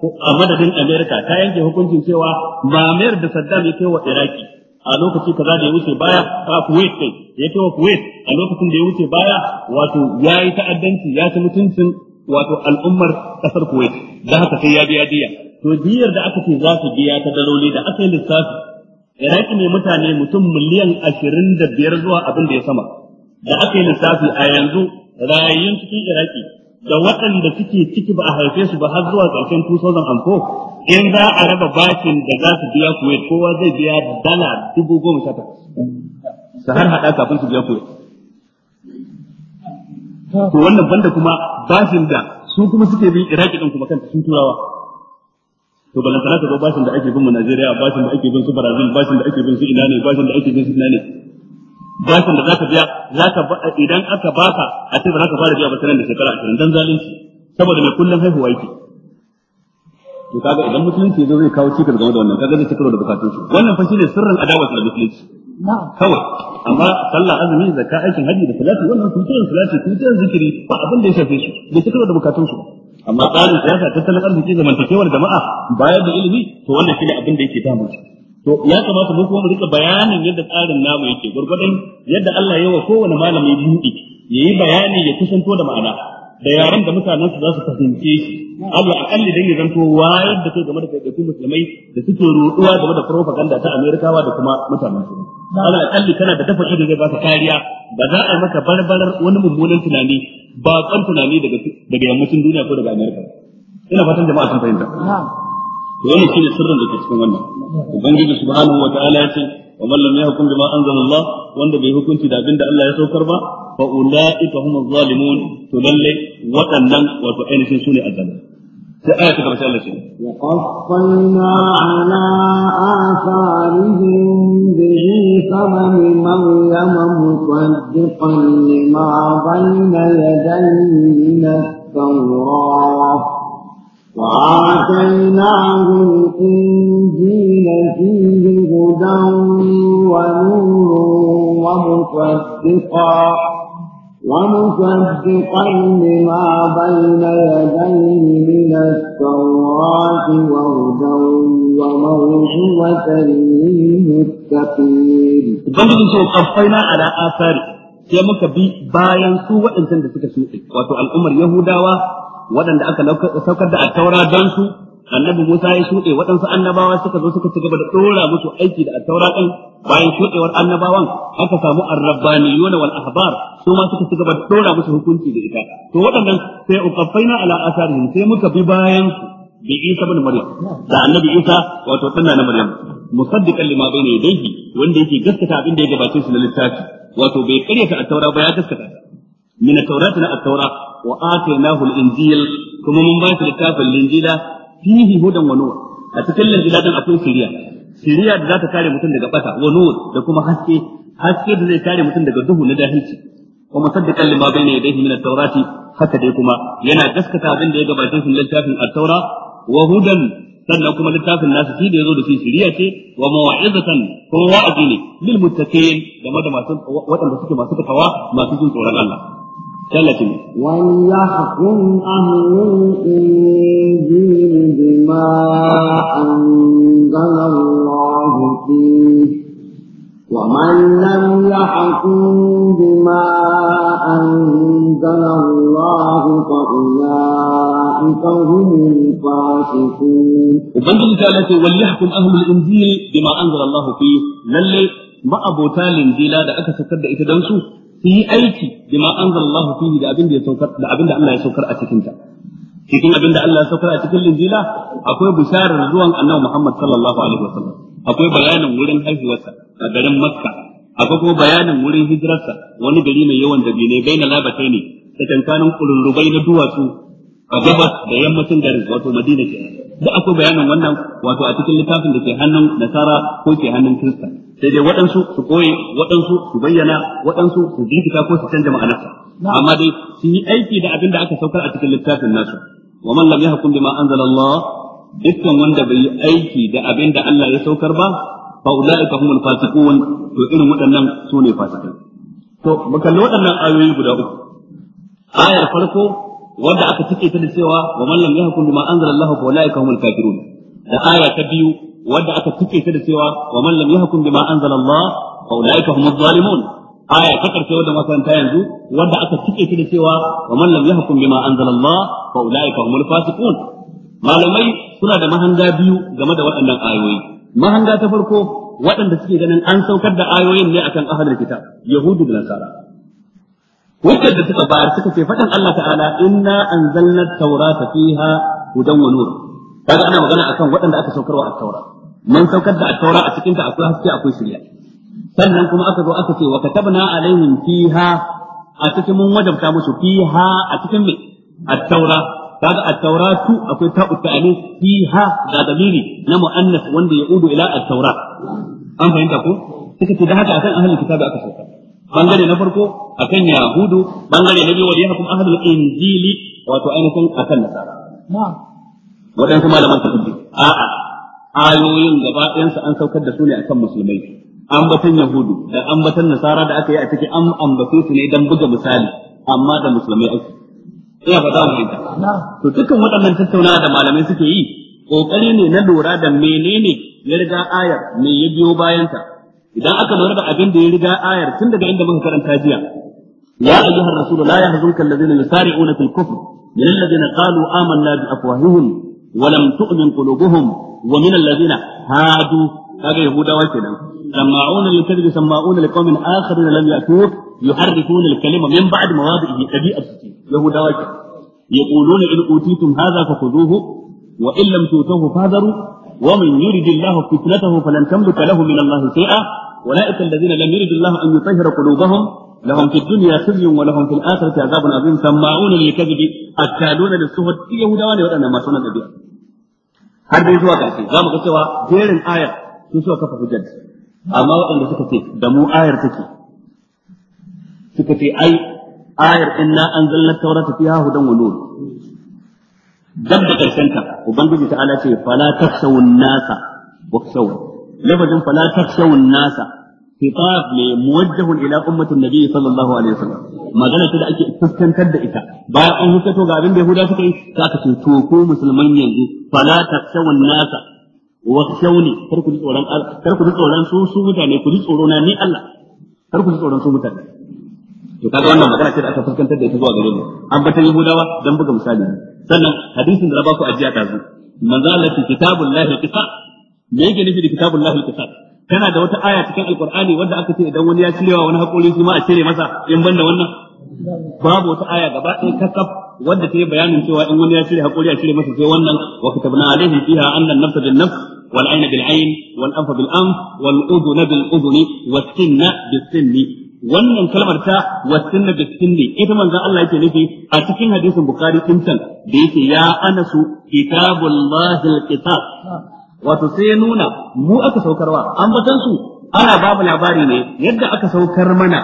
a madadin Amerika ta yanke hukuncin cewa ba mayar da Saddam ya kai Iraki a lokaci kaza da ya wuce baya a Kuwait kai ya kai Kuwait a lokacin da ya wuce baya wato yayi ta'addanci ya ci mutuncin wato al'ummar kasar Kuwait da haka sai ya biya diya to diyar da aka ce za su biya ta daloli da aka yi lissafi Iraki ne mutane mutum miliyan ashirin da biyar zuwa abin da ya sama da aka yi lissafi a yanzu rayayyun cikin Iraki da waɗanda suke ciki ba a haife su ba har zuwa ƙarshen 2004 in za a raba bashin da za su biya kuwa kowa zai biya dala dubu goma sha takwas su har haɗa kafin su biya kuwa to wannan banda kuma bashin da su kuma suke bin iraki ɗin kuma kanta sun turawa to balantana ta zo bashin da ake bin mu najeriya bashin da ake bin su brazil bashin da ake bin su ina ne bashin da ake bin su ina ne bashin da zaka biya zaka idan aka baka a ce ba zaka fara biya ba sanan da shekara 20 dan zalunci saboda mai kullun haihuwa yake to kaga idan musulunci zai kawo cikin game da wannan kaga zai cikaro da bukatun shi wannan fa shine sirrin adawa da musulunci kawai amma sallah azumi zakka aikin haji da salati wannan su salati su zikiri ba abin da ya shafe shi. da cikaro da bukatun shi amma tsarin siyasa tattalin arziki zamantakewar jama'a bayar da ilimi to wannan shine abin da yake damu to ya kamata mu kuma mu rika bayanin yadda tsarin namu yake gurgurdan yadda Allah ya yi wa kowane malami buɗe yayi bayani ya kusanto da ma'ana da yaren da mutanen su za su fahimce shi Allah a kalli dan ya zanto wayar da kai game da kai musulmai da suke ruduwa game da propaganda ta Amerikawa da kuma mutanen su Allah kalli kana da tafashi da zai ba ka kariya ba za a maka barbarar wani mummunan tunani ba kan tunani daga daga yammacin duniya ko daga Amerika ina fatan jama'a sun fahimta wannan shine sirrin da ke cikin wannan ubangiji subhanahu wa ta'ala ya ce wa man lam yahkum bima anzalallah wanda bai hukunci da abinda Allah ya saukar ba fa ulaika humuz zalimun to lalle waɗannan wato ainihin sune azzalimai sai aya ta karshe Allah ce wa qaffalna ala atharihim bi samam maryam musaddiqan lima bayna yadayhi min at-tawrah وآتيناه الإنجيل فيه هدى ونور ومصدقا ومصدقا لما بين يديه من التوراة وهدى وموعظة للمتقين. بلغت قفينا على آثاره sai muka bi bayan su waɗancan da suka shuɗe wato al'ummar Yahudawa waɗanda aka saukar da attaura don su annabi Musa ya shuɗe waɗansu annabawa suka zo suka ci gaba da ɗora musu aiki da attaura ɗin bayan shuɗewar annabawan aka samu arrabbaniyuna wal ahbar su ma suka ci gaba da ɗora musu hukunci da ita to waɗannan sai uqaffaina ala asarihim sai muka bi bayan su bi Isa bin Maryam da annabi Isa wato ɗanna na Maryam musaddiqan lima bayna yadayhi wanda yake gaskata abin da ya gabace su na littafi wato bai karyata attaura ba ya gaskata min at-taurati na at-taura wa atainahu al-injil kuma mun ba shi littafin linjila fihi hudan wa a cikin linjila dan akwai shiriya shiriya da za ta kare mutum daga bata wa da kuma haske haske da zai kare mutum daga duhu na jahilci wa musaddiqan lima bayna yadayhi min at-taurati haka dai kuma yana gaskata abin da ya gabatar shi littafin at-taura wa hudan sannan kuma littafin nasu shi da yazo da shi shiriya ce wa mawa'izatan kuma wa'azi ne lil muttaqin masu waɗanda suke masu takawa masu jin tsoron Allah ثلاثة وليحكم أهل الإنجيل بما أنزل الله فيه ومن لم يحكم بما أنزل الله فأولئك هم الفاسقون وبنت ثالثة وليحكم أهل الإنجيل بما أنزل الله فيه للي ما أبو تال إنجيلا دا أكا سكر su yi aiki bima anzalallahu da abin da ya saukar da abin da Allah ya saukar a cikinta. cikin abin da Allah ya saukar a cikin linjila akwai bisharar zuwan annabi Muhammad sallallahu alaihi wasallam akwai bayanin wurin haihuwarsa a garin Makka akwai kuma bayanin wurin hijirarsa wani gari mai yawan dabine ne. Da tankanin kulurrubai na duwatsu a gabas da yammacin garin wato madina ke da akwai bayanin wannan wato a cikin littafin da ke hannun nasara ko ke hannun kirista sai dai waɗansu su koye waɗansu su bayyana waɗansu su bincika ko su canza ma'anarsa amma dai su yi aiki da abin da aka saukar a cikin littafin nasu wa man lam yahkum bima anzalallah dukkan wanda bai yi aiki da abin da Allah ya saukar ba fa ulaika humul fasiqun to irin waɗannan su ne fasikai to mu kalli waɗannan ayoyi guda uku ayar farko wanda aka cike ta da cewa wa man lam yahkum bima anzalallahu fa ulaika humul kafirun da aya ta biyu wanda aka cike ta da cewa wa man lam yahkum bima anzalallahu fa ulaika humuz zalimun aya ta karshe wadda makaranta yanzu wanda aka cike ta da cewa wa man lam yahkum bima anzalallahu fa ulaika humul fasiqun malamai suna da mahanga biyu game da waɗannan ayoyi mahanga ta farko waɗanda suke ganin an saukar da ayoyin ne akan ahlul kitab yahudu da nasara hujjar da suka bayar suka ce faɗin Allah ta'ala inna anzalna taurata fiha hudan wa nur kaga ana magana akan waɗanda aka saukarwa a taura man saukar da taura a cikin ta akwai haske akwai shirya sannan kuma aka zo aka ce wa katabna alaihim fiha a cikin mun wajabta musu fiha a cikin me at-taura kaga a taura su akwai ta'u ta'ani fiha da damiri na muannas wanda ya udu ila at-taura an fahimta ko suka ce da haka akan ahlul kitabi aka saukar bangare na farko akan yahudu bangare na biyu wa hakum ahlul injili wato ainihin akan nasara waɗansu malaman ta a a'a ayoyin gaba su an saukar da su ne akan musulmai ambatan yahudu da ambatan nasara da aka yi a cikin an ambace su ne dan buga misali amma da musulmai ake ina fata mu ita to dukkan waɗannan tattaunawa da malamai suke yi kokari ne na lura da menene ya riga ayar me ya biyo bayanta idan aka lura da abin da ya riga ayar tun daga inda muka karanta jiya ya ayyuha rasul la yahzunka alladhina yusari'una fil kufr min alladhina qalu amanna bi afwahihim wa lam tu'min qulubuhum wa min alladhina hadu kaga yahudawa kenan سماعون للكذب سماعون لقوم اخرين لم ياتوك يحرفون الكلمه من بعد مواضعه طبيعه يهودا يقولون ان اوتيتم هذا فخذوه وان لم تؤتوه فاذروا ومن يرد الله فتنته فلن تملك له من الله شيئا أولئك الذين لم يرد الله أن يطهر قلوبهم لهم في الدنيا خزي ولهم في الآخرة عذاب عظيم سماعون للكذب أكالون للسهد يهودان وأنا ما سنة بها har dai zuwa ƙarshe za mu ga cewa jerin ayar sun suka kafa hujjar amma waɗanda suka ce da mu ayar take suka ce ai ayar inna anzalna tawrata fiha hudan wa nur dab da karshen ta ubangiji ta ala ce fala taksawun nasa wa لفظ فلا تخشوا الناس خطاب موجه الى امه النبي صلى sallallahu alaihi وسلم ما ce da ake fuskantar da ita bayan an hukato ga abin da yahuda suka yi za ka ce to ko musulman yanzu fala takshawun nasa wa khshawni kar ji tsoron kar ku ji tsoron su su mutane ku ji ni Allah kar tsoron su mutane to kaga wannan magana ce da aka fuskantar da ita zuwa gare mu an yahudawa dan buga misali sannan hadisin da na ba ajiya ta zo manzo Allah kitabul me yake nufi da kitabun al-qisas kana da wata aya cikin alqur'ani wanda aka ce idan wani ya cirewa wani hakuri shi ma a cire masa in banda wannan babu wata aya gaba ɗaya kasaf wadda ta yi bayanin cewa in wani ya cire hakuri a cire masa sai wannan wa katabna alaihim fiha anna an-nafsa bin-nafs wal ayna bil-ayn wal anfa bil-anf wal udhuna bil-udhuni was sinna bis-sinni wannan kalmar ta wasin da sinni ita manzon Allah yake nufi a cikin hadisin bukhari din can da yake ya anasu kitabullahi alqitab wato sai ya nuna mu aka saukarwa an batan su ana babu labari ne yadda aka saukar mana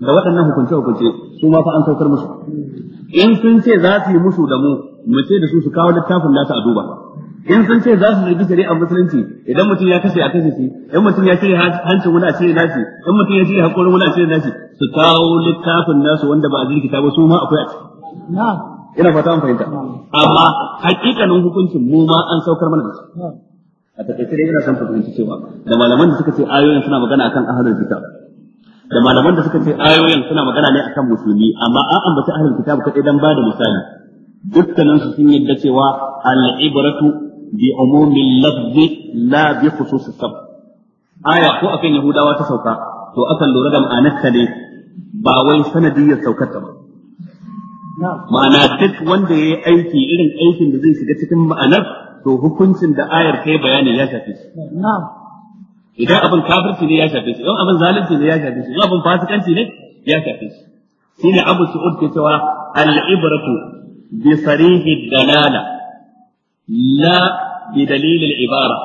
da waɗannan hukunce hukunce su ma fa an saukar musu in sun ce za su yi musu da mu mu ce da su su kawo littafin nasu a duba in sun ce za su zargi shari'ar musulunci idan mutum ya kashe a kashe shi in mutum ya cire hancin wani a cire nasi in mutum ya cire hakorin wani a cire nasi su kawo littafin nasu wanda ba a ta ba su ma akwai a ciki ina fata an fahimta amma hakikanin hukuncin mu ma an saukar mana da su a takaice dai ina son fahimci cewa da malaman da suka ce ayoyin suna magana akan ahlul kitab da malaman da suka ce ayoyin suna magana ne akan musulmi amma an ambaci ahlul kitab kadai dan bada misali dukkanin su sun yadda cewa al-ibratu bi umumil lafzi la bi khususis sab aya ko akan yahudawa ta sauka to akan lura da ma'anarta ne ba wai sanadiyyar saukarta ba ma'ana duk wanda ya yi aiki irin aikin da zai shiga cikin ma'anar to hukuncin da ayar kai bayani ya shafe shi idan abin kafirci ne ya shafe shi idan abin zalunci ne ya shafe shi idan abin fasikanci ne ya shafe shi shine abu su ke cewa al bi sarihi dalala la bi dalilin ibara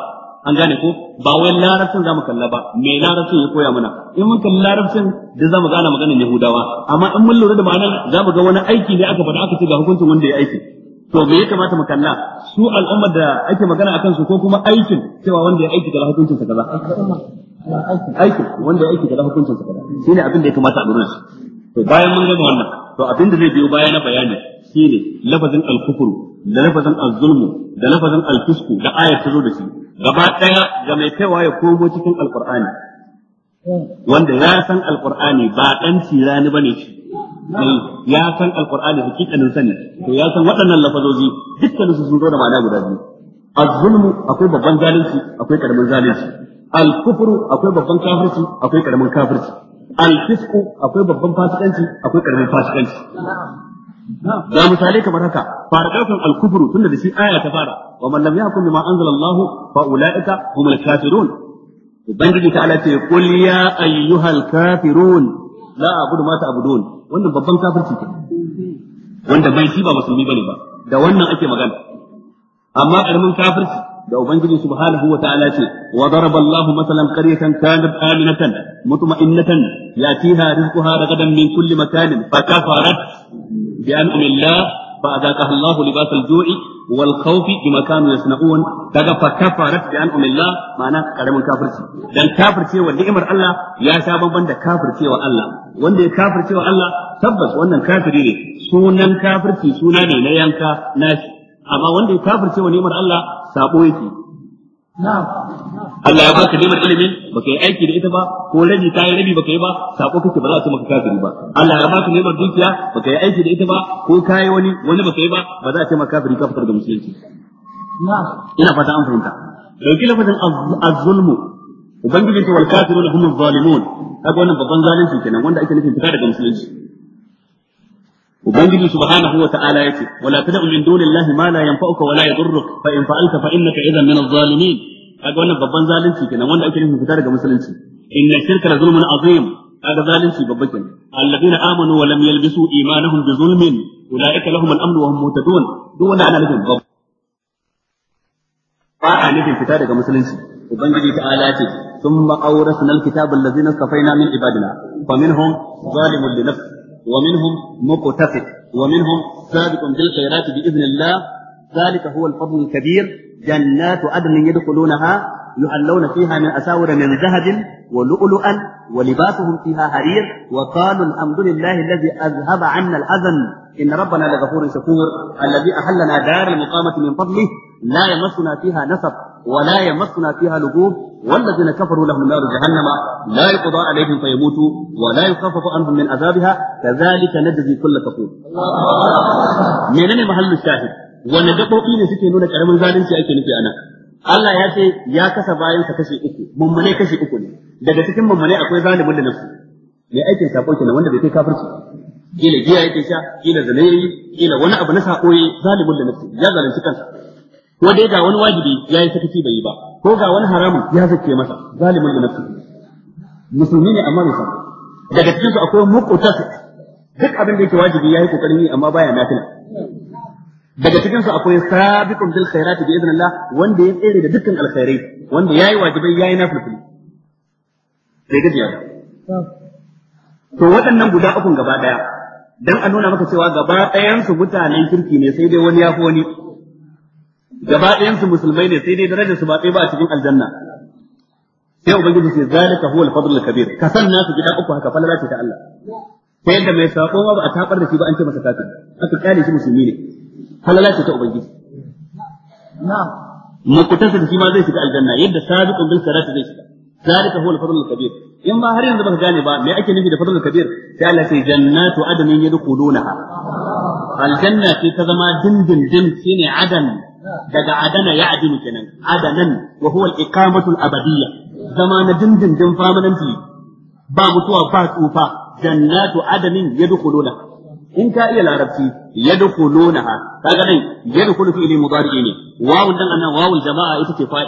an gane ko ba wai larabcin zamu kalla ba me larabcin ya koya mana in mun kalli larabcin da za mu gane maganar yahudawa amma in mun lura da ma'anar za mu ga wani aiki ne aka faɗa aka ce ga hukuncin wanda ya aiki to me ya kamata mu kalla su al'ummar da ake magana akan su ko kuma aikin cewa wanda ya aiki da hukuncin sa kaza aikin wanda ya aiki da hukuncin sa kaza shine abin da ya kamata a gurin to bayan mun gama wannan to abin da zai biyo bayan na bayani shine lafazin al-kufru da lafazin al-zulmu da lafazin al-fisku da ayat ta zo da shi gaba daya ga mai kaiwa ya komo cikin al-qur'ani wanda ya san al-qur'ani ba dan tirani bane shi Eh, ya san alqur'ani hakikanin sani to ya san waɗannan lafazozi dukkan su sun zo da ma'ana guda biyu az-zulmu akwai babban zalunci akwai karamin zalunci al-kufru akwai babban kafirci akwai karamin kafirci al-fisqu akwai babban fasikanci akwai karamin fasikanci ga misalai kamar haka farqatun al-kufru tunda da shi aya ta fara wa man lam yahkum bima anzala fa ulaika humul kafirun ubangiji ta ala ce qul ya ayyuhal kafirun la a'budu ma abudun. wannan babban kafirci ke wanda bai shi ba musulmi bane ba da wannan ake magana amma karamin kafirci da ubangiji subhanahu wata'ala ta'ala ce wa daraba Allahu masalan qaryatan kanat aminatan mutma'innatan yatiha rizquha ragadan min kulli makanin fa kafarat bi an'amillah فأذاقها الله لباس الجوع والخوف بما كانوا يصنعون daga fakafarat bi an umillah ma'ana karamin kafirci dan kafirce wa Allah ya sha bamban da kafirce Allah wanda ya kafirce Allah tabbas wannan kafiri ne sunan kafirci suna ne na yanka nashi amma wanda ya kafirce wa ni'mar Allah sabo yake Allah ya baka neman ilimin baka yi aiki da ita ba ko rabi ta yi rabi baka yi ba sako kake ba za su maka kafiri ba Allah ya baka neman dukiya baka yi aiki da ita ba ko ka yi wani wani baka yi ba ba za a ce maka kafiri ka fitar da musulunci ina fata an fahimta dauki lafazin az-zulmu ubangiji ta wal kafirun hum az-zalimun kaga wannan babban zalunci kenan wanda ake nufin fita daga musulunci ubangiji subhanahu wa ta'ala yace wala tad'u min dunillahi ma la yanfa'uka wa la yadurruk fa in fa'alta fa innaka idhan min adh-dhalimin kaga wannan babban zalunci kenan wanda ake nufin fita daga musulunci inna shirka la zulmun azim kaga zalunci babba kenan alladheena amanu wa lam yalbisu imanahum bi zulmin ulaika lahum al-amn wa hum muhtadun duk wanda ana nufin babba ba a nufin fita daga musulunci ubangiji ta'ala ce ثم أورثنا الكتاب الذين ibadina. من عبادنا فمنهم ظالم لنفسه ومنهم مقتصد ومنهم سابق بالخيرات بإذن الله ذلك هو الفضل الكبير جنات عدن يدخلونها يحلون فيها من أساور من ذهب ولؤلؤا ولباسهم فيها حرير وقالوا الحمد لله الذي أذهب عنا الحزن إن ربنا لغفور شكور الذي أحلنا دار المقامة من فضله لا يمسنا فيها نصب ولا يمسنا فيها لغوب والذين كفروا لهم نار جهنم لا يقضى عليهم فيموتوا ولا يخفف عنهم من عذابها كذلك نجزي كل كفور menene mahallin الشاهد wanda gaɓoɓi ne suke nuna ƙaramin zalunci ake nufi ana Allah ya ce ya kasa bayansa kashe uku mummune kashe uku ne daga cikin mummune akwai zalimin da nafsu mai aikin sako kenan wanda bai kai kafirci kila giya yake sha kila zanayi kila wani abu na sako zalimin da nafsu ya zalunci kansa ko dai ga wani wajibi ya yi sakaci bai yi ba ko ga wani haramun ya zake masa zalimin da nafsi musulmi ne amma musa daga cikin su akwai muqtas duk abin da yake wajibi yayi kokarin yi amma baya nafila daga cikin su akwai sabiqun bil khairati bi idnillah wanda ya tsere da dukkan alkhairai wanda yayi wajibai yayi nafila sai jiya to waɗannan guda ukun gaba daya dan a nuna maka cewa gaba ɗayan su mutanen kirki ne sai dai wani ya fi wani gaba ɗayan su musulmai ne sai dai darajar su ba ɗaya ba a cikin aljanna sai ubangiji ce zalika huwal fadlul kabir ka san nasu gida uku haka falala ce ta Allah Sai da mai sako ba a tabar da shi ba an ce masa kafir aka kyale shi musulmi ne falala ce ta ubangiji na'am makutansa da shi ma zai shiga aljanna yadda sabiqun bil sarati zai shiga zalika huwal fadlul kabir in ba har yanzu baka gane ba me ake nufi da fadlul kabir sai Allah sai jannatu adamin yadkhulunaha aljanna ce ta zama dindindin shine adan daga adana ya adinu kenan adanan wa huwa al-iqamatu al-abadiyya zama na dindindin famananti ba mutuwa ba tsufa jannatu adanin yadkhuluna in ka iya larabci yadkhuluna kaga nan yadkhulu fi ilmi mudari ne wawu dan anan wawul jama'a ita ce fa'i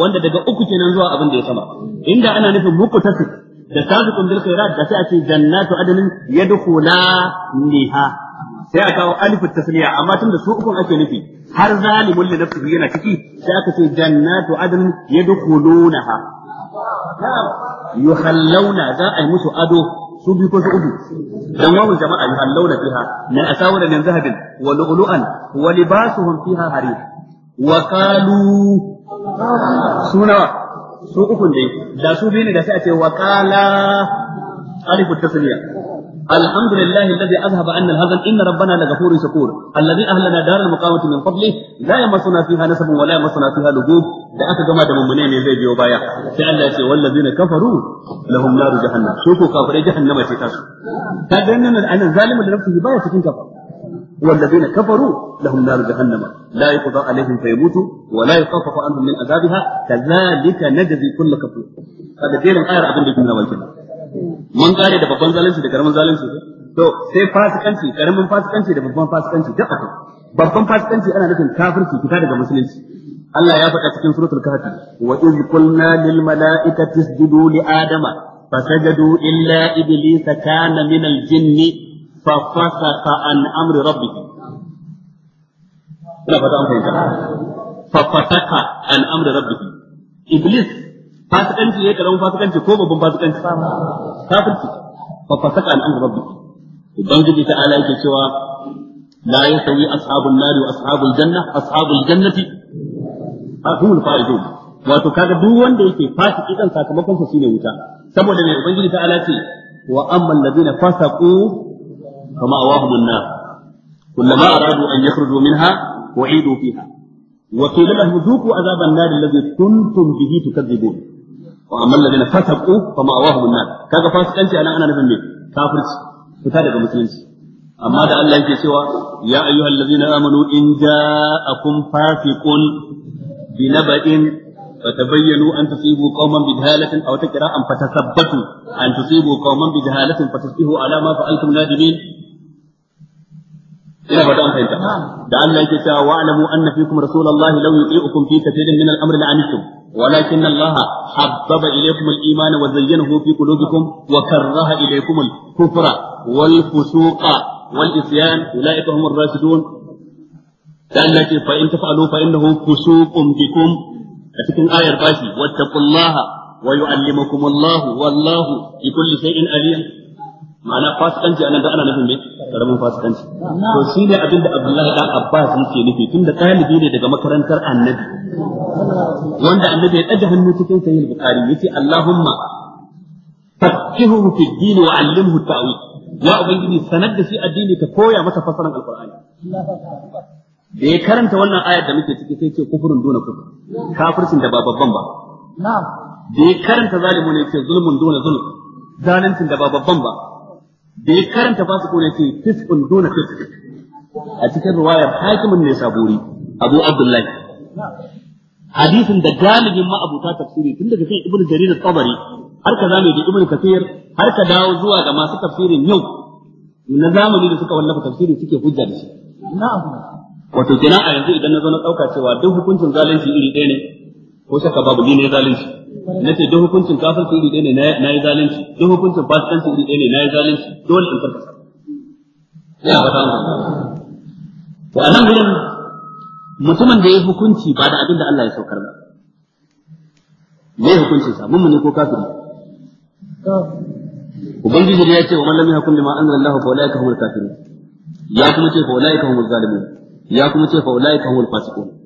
wanda daga uku kenan zuwa abin da ya sama inda ana nufin muqtasid da sabiqun bil khairat da sai a ce jannatu adanin yadkhula niha sai a kawo alif tasliya amma tunda su ukun ake nufi har zalimun li nafsihi yana ciki sai aka ce jannatu adn yadkhulunaha yuhallawna za a yi musu ado su bi ko su uku dan wawu jama'a yuhallawna fiha na asawara min zahabin wa lu'lu'an wa libasuhum fiha harir wa qalu sunawa su uku ne da su bi ne da sai a ce wa qala alifu tasniya الحمد لله الذي أذهب عنا الهزل إن ربنا لغفور شكور الذي أهلنا دار المقامة من قبله لا يمسنا فيها نسب ولا يمسنا فيها لجوب لا aka دم da mummune ne zai biyo baya والذين كفروا لهم نار جهنم شوفوا lahum جهنم jahannam su ko ان jahannama ce tasu بايا ga كفر والذين كفروا لهم نار جهنم لا يقضى عليهم فيموتوا ولا يخفف عنهم من عذابها كذلك نجزي كل كفور هذا دين الآية عبد الله mun kare da babban zalunci da karamin zalunci to sai fasikanci karamin fasikanci da babban fasikanci duk akwai babban fasikanci ana nufin kafirci fita daga musulunci Allah ya faɗa cikin suratul kahfi wa iz qulna lil mala'ikati isjudu li adama fasajadu illa iblisa kana min al jinn fa fasaqa an amri rabbih ina fata an fahimta fa fasaqa an amri rabbih iblis fasikanci ne karamin fasikanci ko babban fasikanci kafirci fa fasaka an amru rabbi ubangiji ta ala yake cewa la yasawi ashabun nari wa ashabul janna ashabul jannati ahumul fa'idun wato kaga duk wanda yake fasiki dan sakamakon sa shine wuta saboda mai ubangiji ta ala ce wa amman ladina fasaqu kama awahumun nar kullama aradu an yakhruju minha u'idu fiha وقيل لهم ذوقوا عذاب النار الذي كنتم به تكذبون wa amma alladheena fasaqu fa ma'awahum an-nar kaga fasikanci anan ana nufin me kafirci fita daga musulunci amma da Allah yake cewa ya ayyuhallazina amanu in ja'akum fasiqun binaba'in فتبينوا أن تصيبوا قوما بجهالة أو تكرا أن فتثبتوا أن تصيبوا قوما بجهالة فتصبحوا على ما فعلتم نادمين ina ba ta fahimta da Allah yake cewa wa alamu anna fikum rasulullahi law yu'iqukum fi katirin min al-amri la'anitum walakin Allah habbaba ilaykum al-iman wa zayyanahu fi qulubikum wa karraha ilaykum al-kufra wal fusuqa wal isyan ulaika hum ar-rasidun da Allah yake fa in tafalu fa innahu fusuqum bikum a cikin ayar bashi wattaqullaha wa yu'allimukum Allah wallahu bi kulli shay'in alim ma'ana fasikanci anan da ana nufin me karamin fasikanci to shi ne abin da Abdullahi dan Abbas yake nufi tunda ɗalibi ne daga makarantar Annabi wanda Annabi ya ɗaga hannu cikin sahih Bukhari yace Allahumma faqihu fi din wa 'allimhu ta'wil ya ubangiji sanar da shi addini ka koya masa fasaran alqur'ani da ya karanta wannan ayar da muke ciki sai ce kufurin dona kufur kafircin da ba babban ba da ya karanta zalimu ne ce zulmun dona zulm zalincin da ba babban ba da ya karanta fasiko ne ce fisqun duna fisq a cikin ruwayar hakimin ne saburi abu abdullahi hadisin da galibin ma'abuta tafsiri tun daga kan ibnu jarir tabari har ka zame da ibnu tafiyar, har ka dawo zuwa ga masu tafsirin yau na zamani da suka wallafa tafsirin suke hujja da shi wato kenan a yanzu idan na zo na dauka cewa duk hukuncin zalunci iri ɗaya ne ko shaka babu ni ne zalunci ce duk hukuncin kafirci iri ɗaya ne na yi zalunci duk hukuncin fasikanci iri ɗaya ne na yi zalunci dole in karkasa ya ba ta to nan gurin mutumin da ya hukunci ba da abin da Allah ya saukar ba me mun ne ko kafiri ubangiji ya ce wa man lam yahkum bima anzala Allah fa ulaika humul kafirun ya kuma ce fa ulaika humul zalimun ya kuma ce fa ulaika humul fasiqun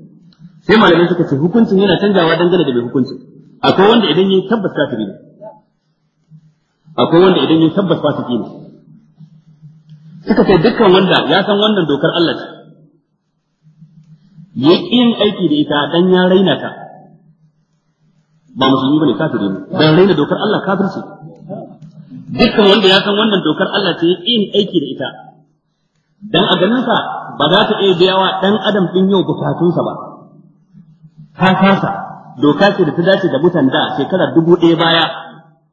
sai malamai suka ce hukuncin yana canjawa dangane da mai hukuncin akwai wanda idan yi tabbas kafiri ne akwai wanda idan yi tabbas fasiki ne suka ce dukkan wanda ya san wannan dokar Allah ce ya yin aiki da ita dan ya raina ta ba musulmi bane kafiri ne dan raina dokar Allah kafirci dukkan wanda ya san wannan dokar Allah ce ya yin aiki da ita dan a ganin sa ba za ta iya biya wa dan adam din yau bukatunsa ba ta kasa doka ce da ta dace da mutan da shekarar dubu ɗaya baya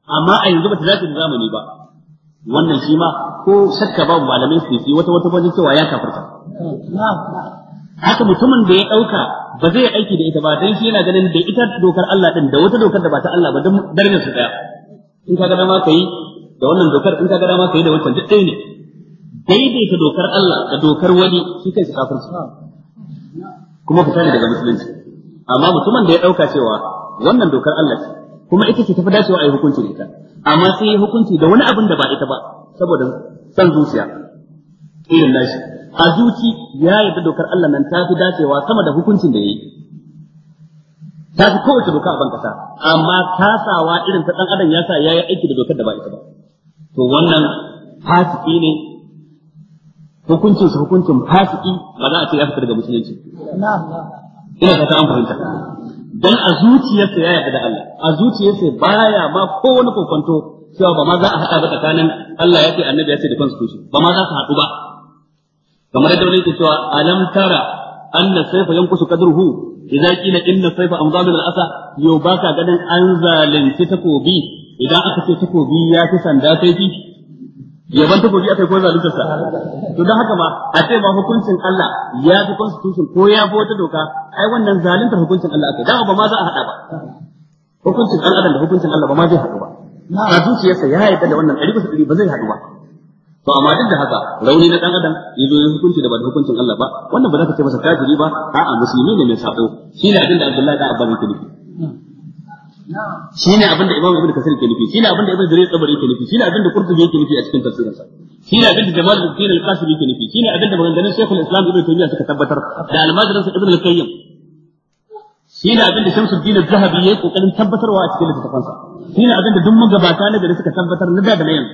amma a yanzu ba ta dace da zamani ba wannan shi ma ko shakka babu malamai su yi wata wata wajen cewa ya kafarta haka mutumin da ya ɗauka ba zai aiki da ita ba don shi yana ganin da ita dokar Allah din da wata dokar da ba ta Allah ba don darajar su daya in ka ga dama kai da wannan dokar in ka ga dama kai da wancan duk ɗaya ne daidaita dokar Allah da dokar wani shi kai su kafarta kuma fita ne daga musulunci amma mutumin da ya dauka cewa wannan dokar Allah ce kuma ita ce tafi dacewa a yi hukunci da ita amma sai yi hukunci da wani abin da ba ita ba saboda san zuciya irin nashi a zuci ya yarda dokar Allah nan ta fi dacewa sama da hukuncin da ya yi ta fi kowace doka a bankasa amma kasawa irin ta dan adam ya sa ya yi aiki da dokar da ba ita ba to wannan fasiki ne hukuncin su hukuncin fasiki ba za a ce ya fitar da musulunci ina fata an fahimta dan a zuciyarsa ya yarda da Allah a zuciyarsa baya ma ko wani kokonto cewa ba ma za a haɗa ba tsakanin Allah ya ce annabi ya ce da kansu kushi ba ma za su haɗu ba kamar yadda wani yake cewa alam tara anna sayfa yankusu qadruhu idza qila inna sayfa amdalu al asa yau ka ganin an zalunci takobi idan aka ce takobi ya fi sanda sai yaban takobi akai ko zalunta sa to dan haka ma a ce ma hukuncin Allah ya fi constitution ko ya fi wata doka ai wannan zalunta hukuncin Allah akai dan ba ma za a hada ba hukuncin dan adam da hukuncin Allah ba ma zai hadu ba a zuciyarsa ya yarda da wannan ɗari bisa ɗari ba zai hadu ba to amma duk da haka rauni na dan adam ya zo ya hukunci da ba da hukuncin Allah ba wannan ba za ka ce masa kafiri ba a'a musulmi ne mai sako shi ne abin da Abdullahi da Abba ke nufi shine ne abinda Imam Ibn kasir ke nufi shine ne abinda Ibn Jarir tsabari ke nufi shine abinda da Qurtubi ke nufi a cikin tafsirinsa shine ne abinda Jamal Ibn Al-Qasim ke nufi shine ne abinda maganganun Sheikhul Islam Ibn Taymiyyah suka tabbatar da almajiransa Ibn Al-Qayyim shine abin da Shamsuddin Az-Zahabi yake kokarin tabbatarwa a cikin sa shine ne abinda duk magabata na gari suka tabbatar na da da yan.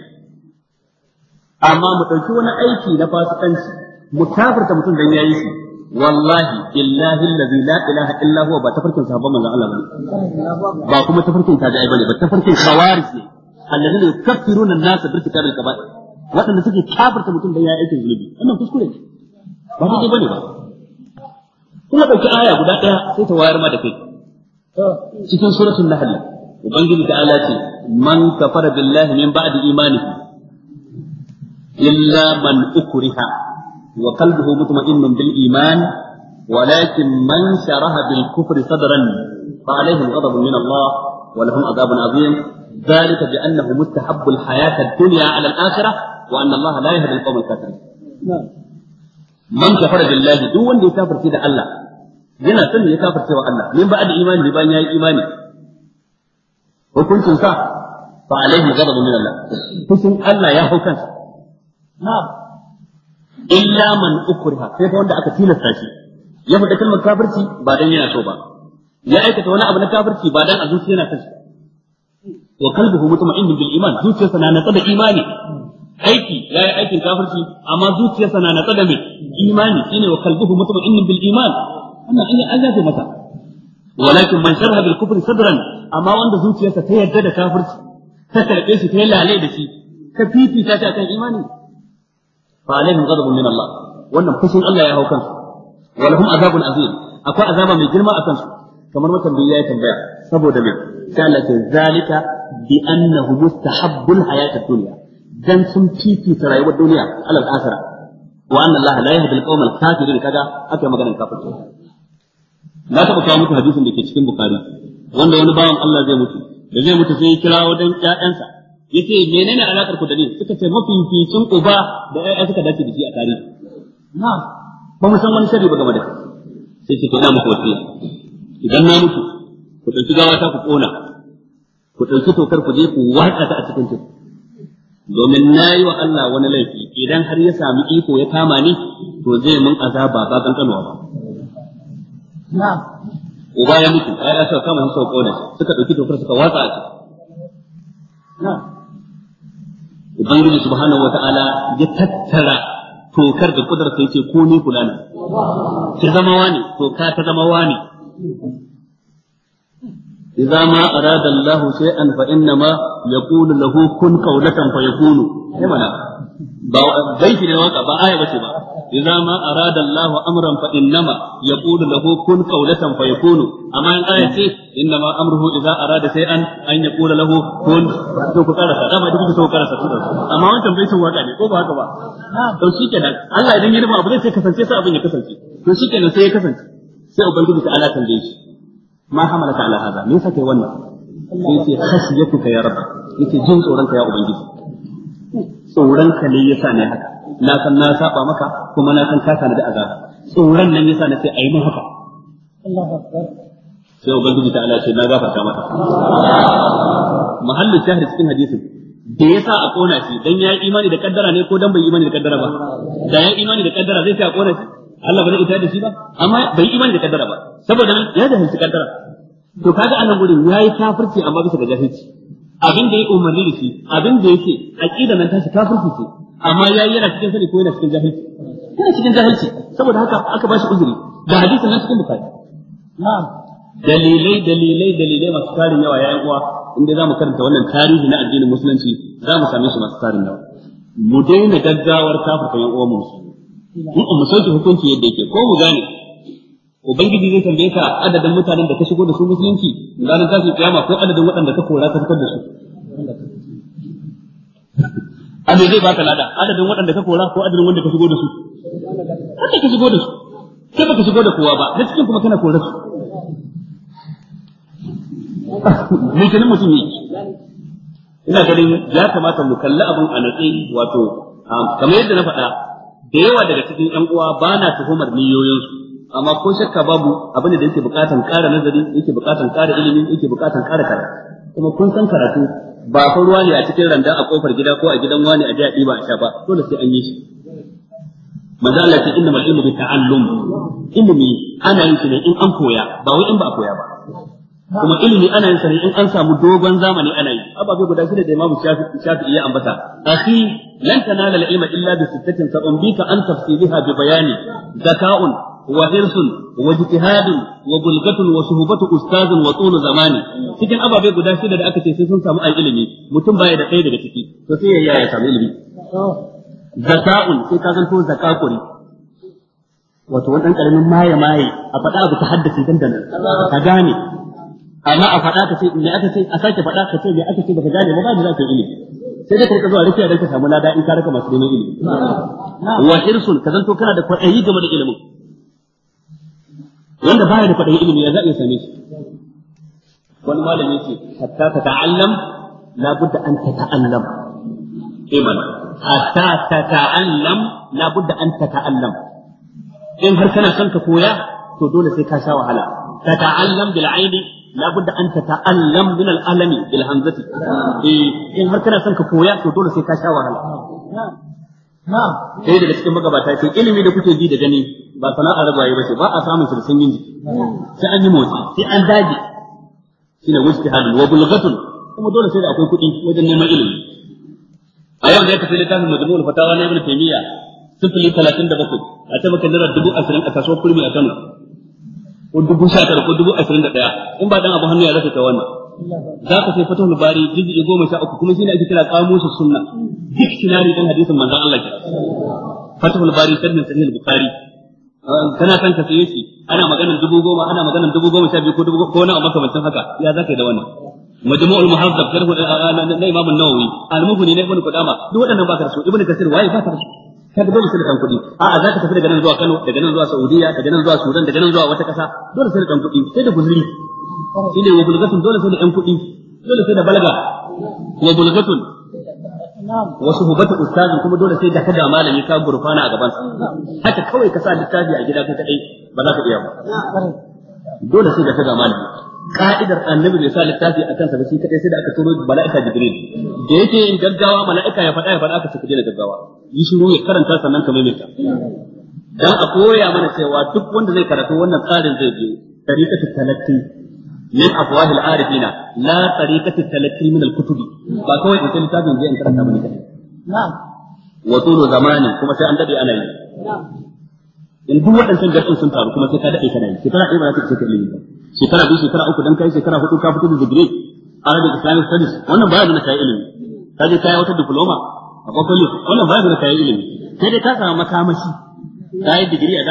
amma mu dauki wani aiki na fasikanci mu kafirta mutum dan yayi shi wallahi illahi allazi la ilaha ba tafarkin sahabban manzon Allah bane ba kuma tafarkin tabi'ai bane ba tafarkin khawarij ne allazina yukaffiruna an-nasa bi irtikabil kaba'ir waɗanda suke kafirta mutum dan ya aikin zunubi wannan kuskure ne ba daidai bane ba kuma dauki aya guda daya sai ta wayar ma da kai cikin suratul nahl ubangiji ta ala ce man kafara billahi min ba'di imanihi illa man ukriha وقلبه مطمئن بالإيمان ولكن من شرها بالكفر صدرا فعليهم غضب من الله ولهم عذاب عظيم ذلك بأنه مستحب الحياة الدنيا على الآخرة وأن الله لا يهدي القوم الكافرين نعم. من كفر بالله دون يكافر ya الله da سن يكافر سوى الله من بعد إيمان min يا إيماني وكنت صح فعليه غضب من الله alaihi الله يا هو fushin نعم. illa man ukriha sai fa wanda aka tilasta shi ya faɗi kalmar kafirci ba dan yana so ba ya aikata wani abu na kafirci ba dan a zuciya yana kashi wa qalbuhu mutma'innun bil iman zuciyarsa na natsa da imani aiki ya yi aikin kafirci amma zuciyarsa na natsa da mai imani shine wa qalbuhu mutma'innun bil iman wannan an yi an yafe masa walakin man sharha bil kufri sadran amma wanda zuciyarsa ta yarda da kafirci ta karbe shi ta yi lalai da shi ka fifita ta akan imani fa alaihim ghadabun min Allah wannan fushin Allah ya hau kansu wa azabun azim akwai azaba mai girma a kansu kamar matambayi ya tambaya saboda me sai Allah ce zalika bi annahu mustahabbul hayatad dunya dan sun ta rayuwar duniya alal akhirah wa anna Allah la yahdi al-qawma al-kafirin kaga aka maganar kafirci na taɓa kawo muku hadisin da ke cikin bukari wanda wani bawan Allah zai mutu da zai mutu sai ya kira wadan ƴaƴansa yace menene alakar ku da ni suka ce mafificin uba da ƴaƴa suka dace da shi a tarihi na ba mu san wani sharri ba game da sai ce na muku wasiya idan na mutu ku ɗauki gawa ta ku ƙona ku ɗauki tokar ku je ku watsa ta a cikin teku domin na yi wa Allah wani laifi idan har ya sami iko ya kama ni to zai mun azaba ba kankanuwa ba uba ya mutu ya sa kama shi suka ƙona suka ɗauki tokar suka watsa a ciki ubangiji subhanahu wataala ya tattara tokar da kudar sai ce ko ni kula ne Ta zama wani toka ta zama wani Iza ma إذا ما أراد الله شيئا فإنما يقول له كن fa ya kunu. ba baiti ne waka ba aya bace ba idza ma arada Allahu amran fa innama yaqulu lahu kun qawlatan fayakunu amma in ce inna ma amruhu idza arada shay'an an yaqulu lahu kun to amma wancan baitin waka ne ko ba haka ba to shikenan Allah idan ya rubuta abu zai kasance sai abin ya kasance to shikenan sai ya kasance sai ubangiji ta Allah tambaye shi ma hamalaka yasa kai wannan tsoron hmm. haka na san na saba maka kuma na san ka sani da azaba tsoron nan yasa na sai ayi mun haka Allahu akbar sai ubangiji ta Allah ce na gafarta maka Muhallin shahri cikin hadisi da yasa a kona shi dan ya imani da kaddara ne ko dan bai imani da kaddara ba da ya imani da kaddara zai sai a kona shi Allah ba zai ita da shi ba amma bai imani da kaddara ba saboda ya ya jahilci kaddara to kaga anan gurin yayi kafirci amma bisa ga jahilci abin da ya umarni da shi abin da yake aqida nan tashi kafirci ce amma yayi yana cikin sani ko yana cikin jahilci yana cikin jahilci saboda haka aka bashi uzuri da hadisin nan cikin bukari na dalilai dalilai dalilai masu tarin yawa yayin uwa inda zamu karanta wannan tarihi na addinin musulunci za mu same su masu tarin yawa mu daina gaggawar kafirta yan uwa musulmi in mu sauke hukunci yadda yake ko mu gane ubangiji zai tambaye ka adadin mutanen da ka shigo da su musulunci ranar tashin kiyama ko adadin waɗanda ka kora ka fitar da su a me zai baka lada adadin waɗanda ka kora ko adadin wanda ka shigo da su wanda ka shigo da su sai baka shigo da kowa ba da cikin kuma kana kora su me kenan mutum ne ina ganin ya kamata mu kalli abin a natsi wato kamar yadda na faɗa da yawa daga cikin ƴan uwa ba na tuhumar niyoyinsu amma ko shakka babu abin da yake bukatan ƙara nazari yake bukatan ƙara ilimi yake bukatan ƙara karatu kuma kun san karatu ba fa ruwa ne a cikin randa a kofar gida ko a gidan wani a daɗi ba a sha ba dole sai an yi shi manzo Allah ce inna mal ilmu bi ta'allum ilimi ana yin shi ne in an koya ba wai in ba a koya ba kuma ilimi ana yin sa ne in an samu dogon zamani ana yi bai guda shine da shafi shafi ya ambata akhi lan tanala al-ilma illa bi sittatin sabun bika an tafsiliha bi bayani zaka'un وحرص واجتهاد وبلغة وصحبة أستاذ وطول زمان cikin ababe guda shida da aka ce sai sun samu an ilimi mutum baya da ɗaya daga ciki to sai ya samu ilimi zaka'un sai ka zanto zaka kuri wani ɗan ƙaramin maye maye a faɗa abu ta haddace dandana ka gane amma a faɗa ka ce me aka ce a sake faɗa ka ce me aka ce baka ba da ka yi ilimi sai dai karka zuwa rufiya don ka samu lada in ka raka masu neman ilimi wa hirsun ka zanto kana da kwaɗayi game da ilimin wanda baya da kwaɗayin ilimi ya za a same shi wani malami ce hatta ta ta'allam la budda an ta ta'allam iman hatta ta ta'allam la budda an ta ta'allam in har kana son ka koya to dole sai ka sha wahala ta ta'allam bil aini la budda an ta ta'allam min al alami bil hamzati eh in har kana son ka koya to dole sai ka sha wahala sai daga cikin magabata ce ilimi da kuke ji da gani ba sana'ar rabaye ba ce ba a samun su da sanyin jiki sai an yi motsi sai an dage wuce halin wa bulgatun kuma dole sai da akwai kuɗi wajen neman ilimi a yau da ya tafi littafin majmu'ul fatawa na ibn taymiya sifili talatin da bakwai a ta maka naira dubu ashirin a kasuwar kurmi a kano ko dubu sha tara ko dubu ashirin da ɗaya in ba dan abu hannu ya rasa ta wannan za ka sai fatahul bari juz'i goma sha uku kuma shine ake kira kamusu sunna duk sinari dan hadisin manzon Allah ke fatahul bari sanin sahih al-bukhari kana san ka sai shi ana maganar dubu goma ana maganar dubu goma sha biyu ko dubu ko na makamancin haka ya za ka yi da wannan majmu'ul muhaddab sharh eh, eh, na imam an-nawawi al-mughni na ibn qudama duk wannan ba ka so ibn kasir waye ba ka so ka dole sai da kuɗi a'a za ka tafi daga nan zuwa Kano daga nan zuwa Saudiya daga nan zuwa Sudan daga nan zuwa wata kasa dole sai da kuɗi sai da guzuri shine wa bulgatun dole sai da yan kuɗi dole sai da balaga wa bulgatun wasu hubatu ustazin kuma dole sai da ka da malami ka gurfana a gaban haka kawai ka sa littafi a gida ka kadai ba za ka iya ba dole sai da ka da malami ka'idar annabi bai sa littafi a kansa ba shi kadai sai da aka turo mala'ika jibril da yake yin gaggawa mala'ika ya faɗa ya faɗa aka saka da gaggawa yi shiru ya karanta sannan ka maimaita dan a koya mana cewa duk wanda zai karatu wannan tsarin zai biyo tariqatu talatin min afwahil arifina la tariqatu talaqqi min al-kutubi ba kawai in san littafin je in karanta bane kadai na'am wa zamani kuma sai an dade ana in duk waɗancan garɗin sun taru kuma sai ka dade kana yi shekara ɗaya ba za ka ce kalli ba shekara biyu shekara uku dan kai shekara hudu ka fito da digiri Arabic Islamic Studies wannan baya nuna kai ilimi ka je kai wata diploma a kwakwalwa wannan baya nuna kai ilimi sai dai ka digiri a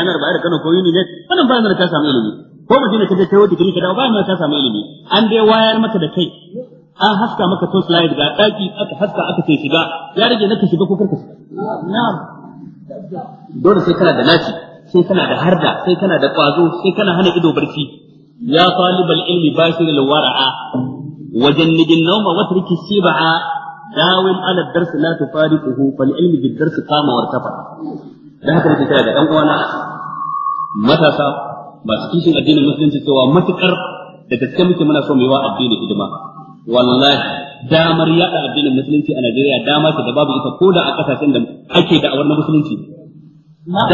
Kano ko Uninet wannan baya ko madina ka je kai wata gari ka dawo bayan ta samu ilimi an dai wayar maka da kai an haska maka to slide ga daki aka haska aka ce shiga ya rage naka shiga ko karka shiga na'am dole sai kana da naci sai kana da harda sai kana da kwazo sai kana hana ido barci ya talibal ilmi bashir al-wara'a وجنب النوم واترك الشبع داوم على الدرس لا تفارقه فالعلم بالدرس قام وارتفع ده هكذا كده da ان وانا matasa masu kishin addinin musulunci cewa matukar da gaske muke muna so mu yi wa addini hidima wallahi damar yada addinin musulunci a Najeriya dama ce da babu ita ko da a kasashen da ake da'awar na musulunci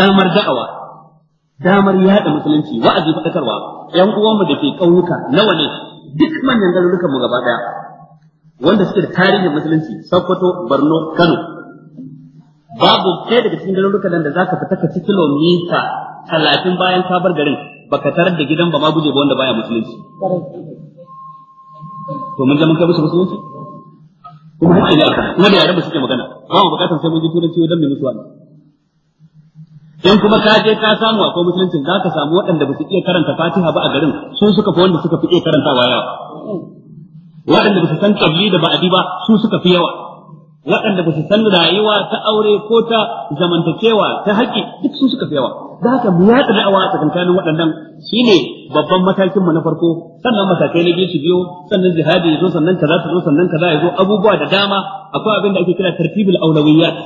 damar da'awa damar yada musulunci wa'azi fadakarwa yan uwanmu da ke kauyuka nawa ne duk manyan garurukan mu gaba daya wanda suke da tarihin musulunci Sokoto Borno Kano babu kai daga cikin garurukan da zaka fita ka ci kilomita talatin bayan sabar garin baka tarar da gidan ba ma guje ba wanda baya musulunci to mun zama kai musu musulunci kuma kuma ina ka kuma da yaran ba suke magana ba mu bukatar sai mun ji turanci dan mai musu wannan in kuma ka je ka samu akwai musulunci za ka samu waɗanda ba su iya karanta fatiha ba a garin su suka fi wanda suka fi iya karanta yawa waɗanda ba su san tsalli da ba'adi ba su suka fi yawa waɗanda ba su san rayuwa ta aure ko ta zamantakewa ta haƙƙi duk su suka fi yawa da haka mu yaɗa da'awa a tsakankanin waɗannan shine babban matakin mu na farko sannan matakai na biyu su biyo sannan jihadi ya zo sannan kaza ta zo sannan kaza ya zo abubuwa da dama akwai abin da ake kira tartibul aulawiyat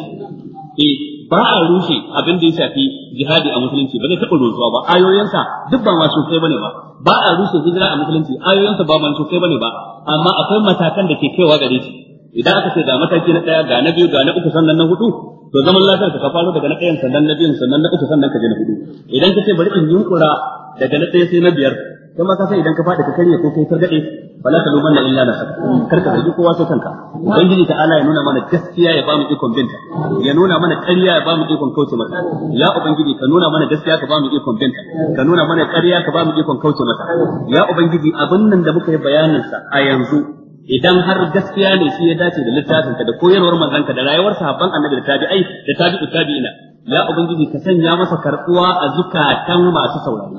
eh ba a rushe abin da ya shafi jihadi a musulunci ba zai taɓa rushewa ba ayoyinsa duk ba masu kai bane ba ba a rushe hijira a musulunci ayoyinsa ba masu kai bane ba amma akwai matakan da ke kaiwa gare shi idan aka ce ga mataki na daya ga na biyu ga na uku sannan na hudu to zaman lafiyar ka faro daga na ɗayan sannan na biyun sannan na uku sannan ka je na hudu idan ka ce bari in yunkura daga na ɗaya sai na biyar kuma ma ka san idan ka faɗi ka karye ko kai targaɗe fala ta luman na illa nafsa kar ka zargi kowa sai kanka ubangiji ta ala ya nuna mana gaskiya ya ba mu ikon binta ya nuna mana ƙarya ya mu ikon kauce mata ya ubangiji ka nuna mana gaskiya ka ba mu ikon binta ka nuna mana ƙarya ka mu ikon kauce mata ya ubangiji abin nan da muka yi bayanin sa a yanzu idan har gaskiya ne shi ya dace da littafin ka da koyarwar manzon ka da rayuwar sahabban annabi da tabi'ai da tabi'u tabi'ina ya ubangiji ka sanya masa karbuwa a zukatan masu saurari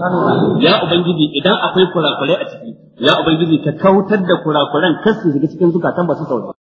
ya ubangiji idan akwai kurakurai a ciki ya ubangiji ka kautar da kurakuran kasu shiga cikin zukatan masu saurari